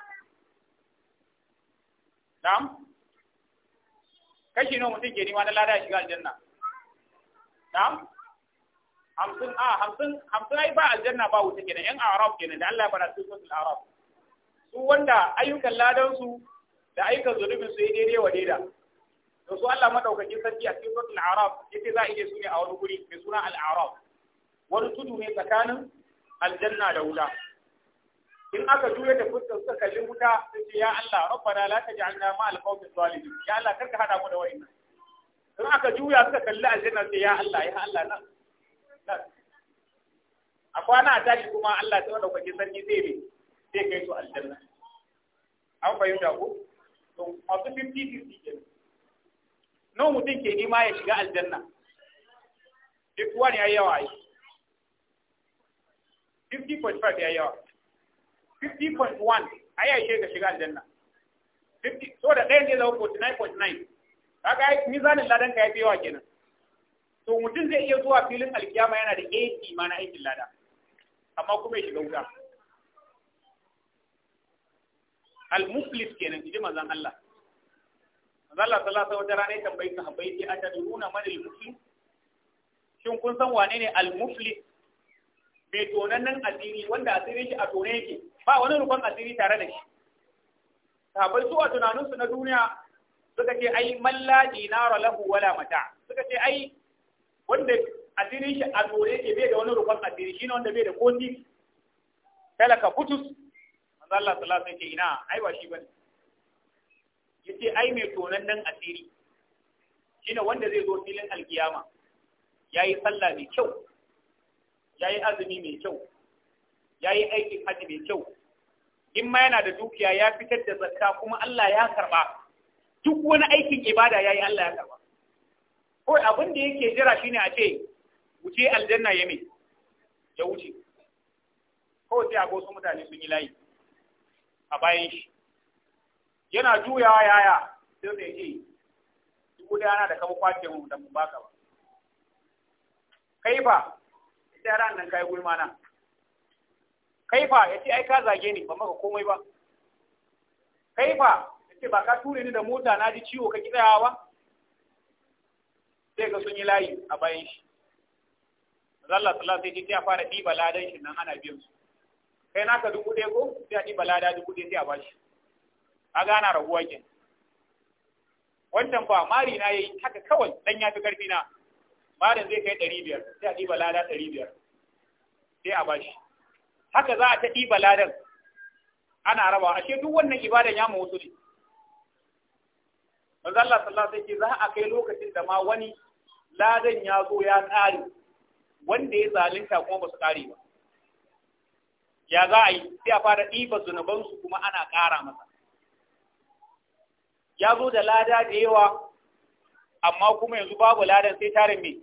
na'am kashi nawa mutum ke nima na lada ya shiga aljanna na'am hamsin a ah, hamsin hamsin ai ba aljanna ba wuta kenan yan arab kenan da Allah ya fara su suratul arab su wanda ayyukan ladan su da ayyukan zulubin su daidai wa daida to su Allah madaukakin sarki a cikin suratul arab yake za a iya sune a wani guri mai suna al arab wani tudu ne tsakanin aljanna da wuta in aka juya da fuskar suka kalli wuta sai ce ya Allah rabbana la taj'alna ma al qawmi zalimin ya Allah karka hada mu da wa'annan in aka juya suka kalli aljanna sai ya Allah ya Allah na?" a kwana a tashi kuma Allah ta wanda sarki zai ne kai su aljanna an fahimta ko to masu 50-50 kenan nawa mutum ke nima ya shiga aljanna duk wani ya yawa yi 50.5 ya yawa 50.1 a yi ga shiga aljanna so da ɗaya ne zama 49.9 kaga mizanin ladan ka ya fi yawa kenan to mutum zai iya zuwa filin alkiyama yana da 80 ma na aikin lada amma kuma ya shiga wuta al-muflis kenan ji manzon Allah manzon Allah sallallahu alaihi wasallam ne tambayi sahabbai ce atadruna man al-muflis shin kun san wane ne al-muflis mai tonannen asiri wanda asirin shi a tone yake ba wani rufan asiri tare da shi sahabbai su a tunaninsu na duniya suka ce ai Malladi, dinara lahu wala mata suka ce ai wanda asirin shi a tsore yake bai da wani rukun rufan shi ne wanda bai da kondi talaka putus manzo Allah sallallahu alaihi wasallam ina ai ba shi bane yace ai mai tonan nan asiri shine wanda zai zo filin alkiyama yayi sallah mai kyau yayi azumi mai kyau yayi aikin haji mai kyau in ma yana da dukiya ya fitar da zakka kuma Allah ya karba duk wani aikin ibada yayi Allah ya karba kawai abin da yake jira shine a ce wuce aljanna ya ya wuce kawai sai a ga mutane sun yi layi a bayan shi yana juyawa yaya sai da ce dubu da yana da kama kwace mu da mu baka ba kai fa sai ran nan kai gulma na kai fa yace ai ka zage ni ba maka komai ba kai fa yace ba ka ture ni da mota na ji ciwo ka ki tsayawa ba sai ka sun yi layi a bayan shi Allah sallallahu shi sai a fara ɗiba ladan shi nan ana biyan su kai naka dubu ɗaya ko sai a ɗiba lada dubu ɗaya sai a bashi a gana raguwa ke wancan ba mari na yayi haka kawai dan ya fi karfi na marin zai kai ɗari biyar sai a ɗiba lada ɗari biyar sai a bashi haka za a ta ɗiba ladan ana raba ashe duk wannan ibadan ya mu ne manzo Allah sallallahu alaihi wasallam za a kai lokacin da ma wani ladan ya zo ya ƙare wanda ya zalunta kuma ba su ƙare ba ya za a yi sai a fara ɗiba zunubansu kuma ana ƙara masa ya zo da lada da yawa amma kuma yanzu babu ladan sai tarin mai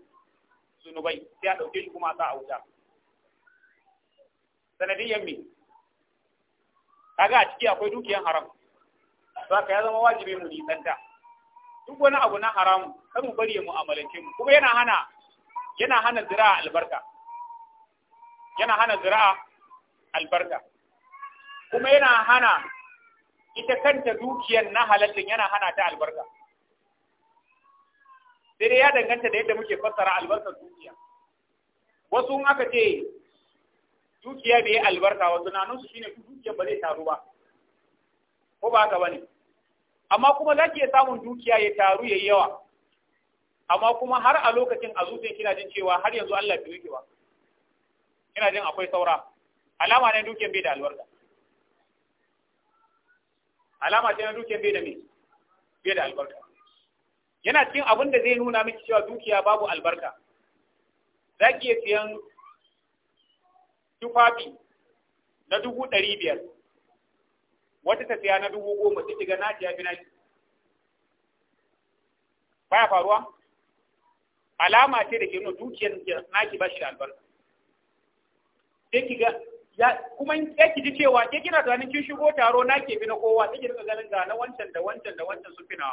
zunubai sai a ɗauke shi kuma a sa a wuta sanadiyyar mai kaga a ciki akwai dukiyan haram za ka ya zama wajibi mu nisanta duk wani abu na haramu kar mu bari ya mu'amalance mu kuma yana hana yana hana zira albarka yana hana zira albarka kuma yana hana ita kanta dukiyar na halallin yana hana ta albarka sai dai ya danganta da yadda muke fassara albarkar dukiya wasu in aka ce dukiya bai albarka wasu na nan su shine dukiyar ba zai taru ba ko ba haka bane amma kuma za ki iya samun dukiya ya taru ya yawa amma kuma har a lokacin a zuciya kina jin cewa har yanzu Allah bai yi ba ina jin akwai saura alama ne dukiyar bai da albarka alama ce na dukiyar bai da me bai da albarka yana cikin abin da zai nuna miki cewa dukiya babu albarka za ki iya siyan tufafi na dubu ɗari biyar wata tafiya na dubu goma sai kiga na ya fi aiki. Ba ya faruwa alama ce da ke nuna dukiyar naki ba shi albarka sai ga ya kuma ya ki ji cewa ke kina tunanin kin shigo taro na ke fi na kowa sai ki rika ganin ga na wancan da wancan da wancan su fina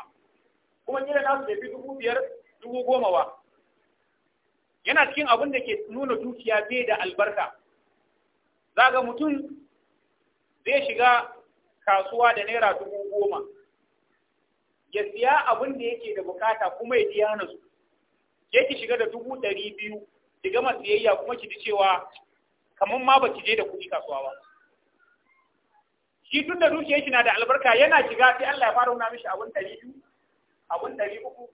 kuma kina na su fi dubu biyar dubu goma ba yana cikin abin da ke nuna dukiya bai da albarka za ga mutum zai shiga kasuwa da naira dubu goma ya siya abin da yake da bukata kuma ya biya na su ke ki shiga da dubu ɗari biyu ki gama siyayya kuma ki ji cewa kamar ma ba ki je da kuɗi kasuwa ba shi tun da dukiyar shi na da albarka yana shiga sai Allah ya fara nuna mishi abin ɗari biyu abin ɗari uku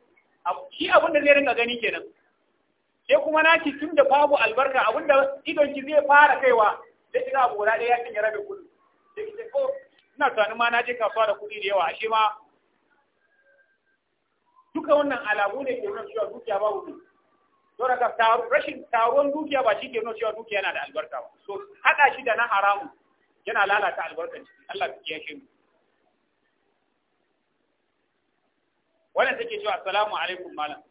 shi abin da zai rinka gani kenan sai kuma na ki tun da babu albarka abin da idon ki zai fara kaiwa da shiga guda ɗaya ya cinye rabin kuɗi ki ko ina tunanin ma na je kasuwa da kuɗi da yawa ashe ma duka wannan alamu ne ke nuna cewa dukiya babu ne don daga rashin taron dukiya ba shi ke nuna cewa dukiya yana da albarka ba so haɗa shi da na haramu yana lalata albarkar ciki Allah ya shi mu wannan take cewa assalamu alaikum malam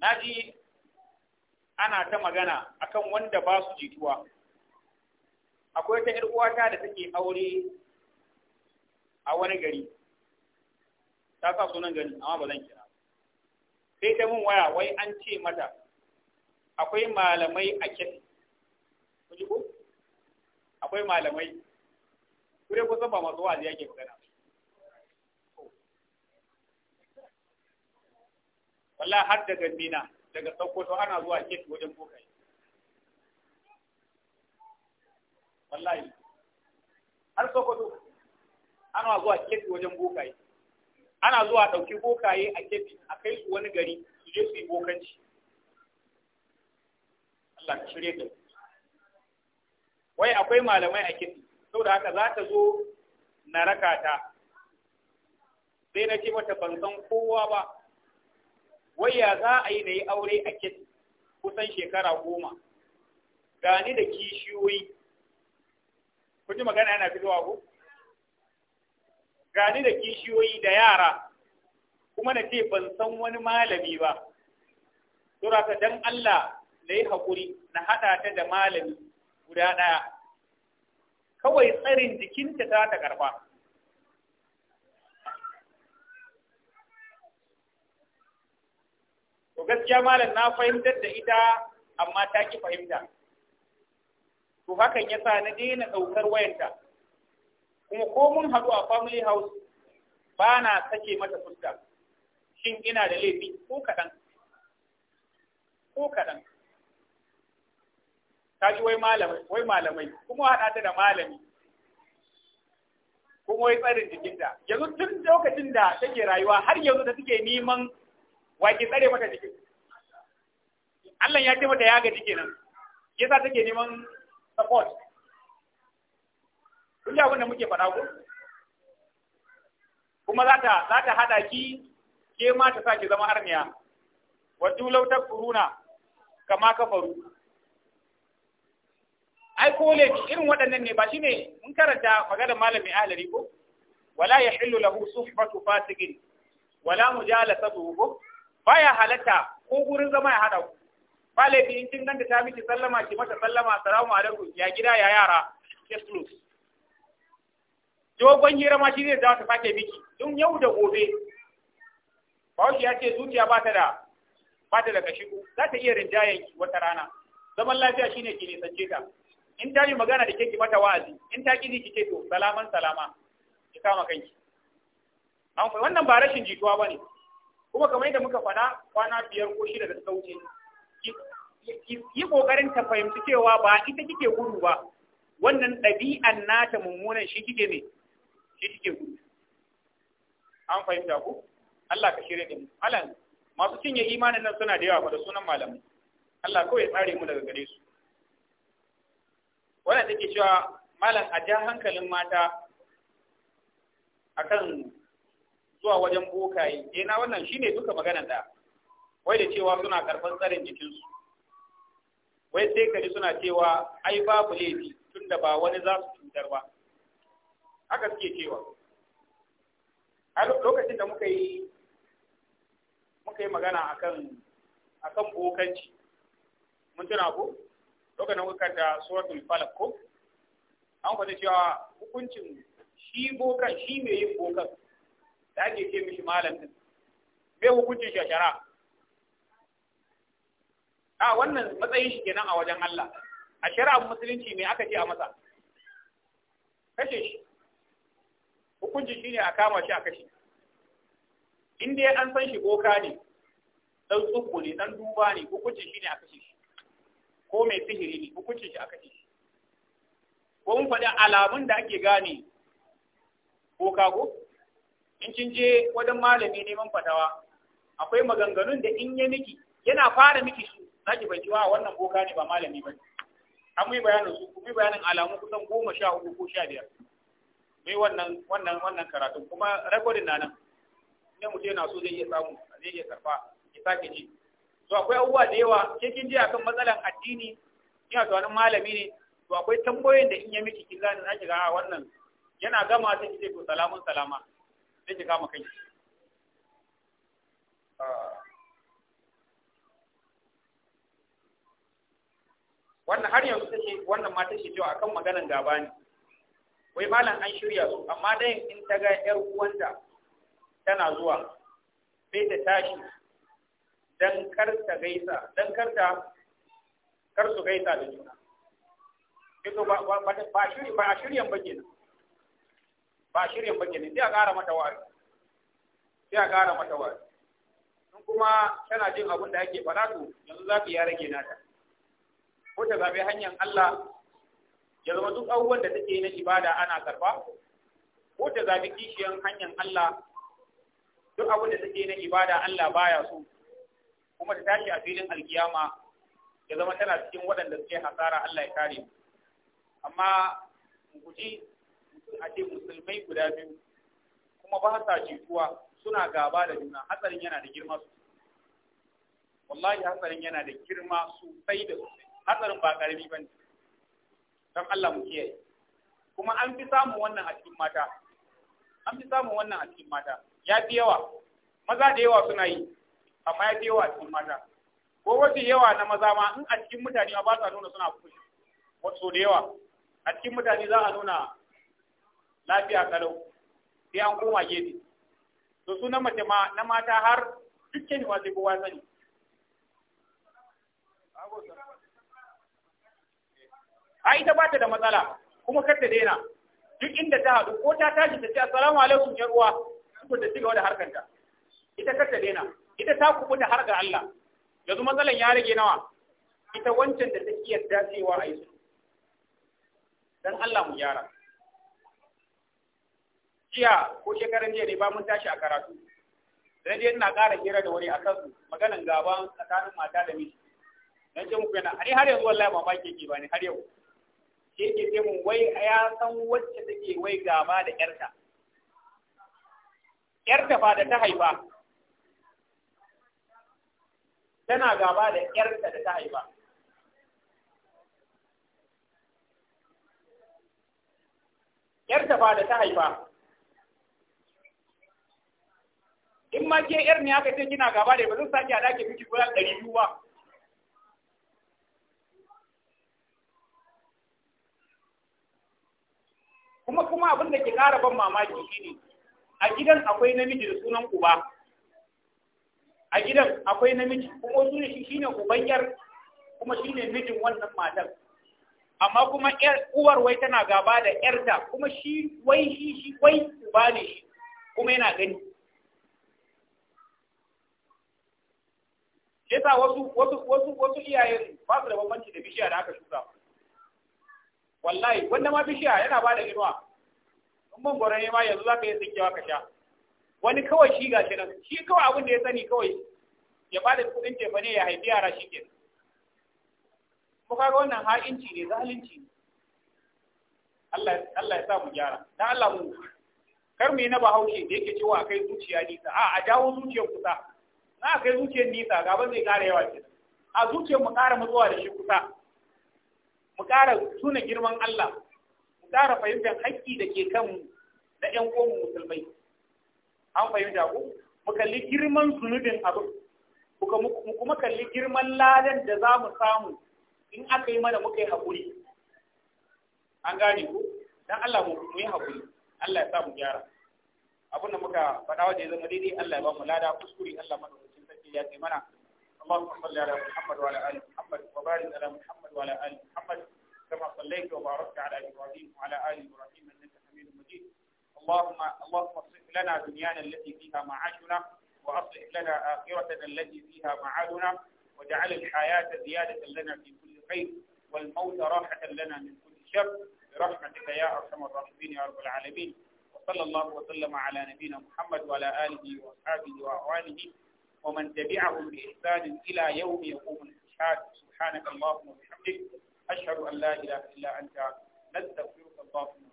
naji ana ta magana akan wanda ba su jituwa akwai ta 'yar uwata da take aure a wani gari ta sa sunan gari amma ba zan kira sai ta mun waya wai an ce mata akwai malamai a kefi kuji ko akwai malamai kure kusan ba masu wa'azi yake magana wallahi har daga mina daga sokoto ana zuwa kefi wajen kokai wallahi har ko ana zuwa kefi wajen bokaye ana zuwa dauki bokaye a kefi a kai su wani gari su je su yi bokanci Allah ka shirye da wai akwai malamai a kefi saboda haka za ta zo na raka ta sai na ce mata ban san kowa ba wai ya za a yi na yi aure a kefi kusan shekara goma gani da kishiyoyi kun ji magana yana fitowa ko gani da kishiyoyi da yara kuma na ce ban san wani malami ba sura ta dan Allah da yi haƙuri na haɗa ta da malami guda ɗaya kawai tsarin jikinta ta ta karfa to gaskiya malam na fahimtar da ita amma ta ki fahimta to hakan ya sa na daina ɗaukar wayanta kuma ko mun haɗu a family house ba na sake mata fuska shin ina da laifi ko kaɗan ko kaɗan ta ji wai malamai wai malamai kuma haɗa ta da malami kuma wai tsarin jikinta yanzu tun lokacin da take rayuwa har yanzu da take neman waki tsare mata jikin Allah ya ce mata ya gaji kenan yasa take neman support kun ji abin da muke faɗa ku kuma za ta za ta hada ki ke ma ta sake zama arniya waddu ta furuna kama kafaru ai ko le irin waɗannan ne ba ne mun karanta maganar malami ahlari ko wala ya hillu lahu suhbatu fasiqin wala mujalasatuhu ko baya halatta ko gurin zama ya haɗa ku ba laifi in ganta ta miki sallama ki mata sallama Salamu alaikum ya gida ya yara yes please dogon hira ma shi zai za ta sake miki tun yau da gobe Bahaushe ya ce zuciya ba ta da ba ta da kashi za ta iya rinjayen ki wata rana zaman lafiya shine ki nisance ta in ta yi magana da ke ki mata wa'azi in ta kiji ki ce to salaman salama ki kama kanki an wannan ba rashin jituwa bane kuma kamar yadda muka faɗa kwana biyar ko shida da suka wuce yi kokarin ta fahimci cewa ba ita kike gudu ba wannan ɗabi'an nata mummunan shi kike ne shi kike gudu an fahimta ku Allah ka shirye da mu alan masu cinye imanin nan suna da yawa da sunan malamai Allah kawai ya tsare mu daga gare su wannan take cewa malam a ja hankalin mata akan zuwa wajen bokaye ina eh, na wannan shine duka maganar da wai da cewa suna karɓar tsarin jikinsu wai sai ka ji suna cewa ai babu laifi tunda ba wani za su cutar ba haka suke cewa a lokacin da muka yi muka yi magana akan akan bokanci mun tuna ko lokacin muka da suratul falaq ko an kwata cewa hukuncin shi bokan shi mai yin bokan da ake ce mishi malam din me hukuncin shashara a wannan matsayin shi kenan a wajen Allah a shari'ar musulunci ne aka ce a masa kashe shi hukunci shine a kama shi a kashe in dai an san shi boka ne dan tsubbu ne dan duba ne hukunci shine a kashe shi ko mai sihiri ne hukunci shi a kashe shi ko mun faɗi alamun da ake gane boka ko in kin je wajen malami neman fatawa akwai maganganun da in ya miki yana fara miki za ki fahimci wa wannan boka ne ba malami ba an yi bayanin su kuma bayanin alamu kusan goma sha uku ko sha biyar mai wannan wannan wannan karatun kuma rekodin na nan ne mutum yana so zai iya samu zai iya karfa ya sake ji to akwai abubuwa da yawa ke kin ji akan matsalan addini ina tunanin malami ne to akwai tambayoyin da in ya miki kin gane zaki ga ah, wannan yana gama sai ki ce to salamun salama sai ki kama kai ah. wannan har yanzu take wannan ma take cewa akan maganan gaba ne wai malam an shirya su amma dai in ta ga yar uwanta tana zuwa sai ta tashi dan kar ta gaisa dan kar ta kar su gaisa da juna kito ba ba ba shiri ba shiryan ba kenan ba shiryan ba kenan sai a ƙara mata wari sai a ƙara mata wari kuma tana jin abin da ake faɗa to yanzu za ta yi rage nata ko ta zaɓi hanyar Allah ya zama duk abubuwan da take na ibada ana karba ko ta zaɓi kishiyan hanyar Allah duk abin da take na ibada Allah baya so kuma ta tashi a filin alkiyama ya zama tana cikin waɗanda suke hasara Allah ya kare mu amma guji a ce musulmai guda biyu kuma ba sa jituwa suna gaba da juna hatsarin yana da girma sosai wallahi hatsarin yana da girma sosai da sosai hatsarin ba ƙarami ba ne don Allah mu kiyaye kuma an fi samun wannan a cikin mata an fi samun wannan a cikin mata ya fi yawa maza da yawa suna yi amma ya fi yawa a cikin mata ko wasu yawa na maza ma in a cikin mutane ba sa nuna suna fushi wasu da yawa a cikin mutane za a nuna lafiya kalau sai an koma gefe to su na mace ma na mata har dukkan wasu ko kowa sani a ita ba ta da matsala kuma kar ta daina duk inda ta haɗu ko ta tashi ta ce assalamu alaikum yar uwa ko ta cigaba da harkar ta ita kar ta daina ita ta kubuta har ga Allah yanzu matsalan ya rage nawa ita wancan da take yarda cewa a yi dan Allah mu gyara jiya ko shekaran jiya ne ba mun tashi a karatu da je ina ƙara hira da wani akan su maganan gaban tsakanin mata da miji dan ce muku yana har yanzu wallahi mamaki ke ba ne har yau yake ce mun wai ya san wacce take wai gaba da yarta yarta fa da ta haifa tana gaba da yarta da ta haifa yarta fa da ta haifa in ma ke yar ne aka ce kina gaba da ba zan sake a dake miki guda ɗari biyu ba kuma abin da ke ƙara ban mamaki shi ne, a gidan akwai namiji da sunan uba a gidan akwai namiji kuma ne shi shine uban yar kuma shine mijin wannan matar amma kuma yar uwar wai tana gaba da yarta kuma shi wai shi shi wai uba ne shi kuma yana gani yasa wasu wasu wasu wasu iyaye ba su da bambanci da bishiya da aka shuka wallahi wanda ma bishiya yana ba da inuwa kuma gwarai ma yanzu za ka yi tsinkewa ka sha wani kawai shi shi nan shi kawai abin da ya sani kawai ya bada kudin tefa ne ya haifi yara shi ke mu ga wannan ha'inci ne zalunci ne Allah ya sa mu gyara Na Allah mu kar mu yi na bahaushe da yake cewa kai zuciya nisa a a jawo zuciyar kusa na kai zuciyar nisa gaba zai kara yawa ke a zuciyar mu kara mutuwa da shi kusa mu kara suna girman Allah tsara fahimtar haƙƙi da ke kanmu na ‘yan uwan musulmai. An fahimta ku? Mu kalli girman zunubin abu, mu kuma kalli girman ladan da za mu samu in aka yi mana muka yi haƙuri. An gane ku? Dan Allah mu yi haƙuri, Allah ya sa mu gyara. Abin da muka faɗa da ya zama daidai Allah ya ba mu lada kuskure Allah madaukakin sarki ya kai mana. اللهم صل على محمد وعلى ال محمد وبارك على محمد وعلى ال محمد كما صليت وباركت على إبراهيم وعلى آل إبراهيم إنك حميد مجيد اللهم اللهم اصلح لنا دنيانا التي فيها معاشنا وأصلح لنا آخرتنا التي فيها معادنا واجعل الحياة زيادة لنا في كل خير والموت راحة لنا من كل شر برحمتك يا أرحم الراحمين يا رب العالمين وصلى الله وسلم على نبينا محمد وعلى آله وأصحابه وأعوانه ومن تبعهم بإحسان إلى يوم يقوم الحساب سبحانك اللهم وبحمدك ashhadu Allah la ilaha illa anta nastaghfiruka Allahumma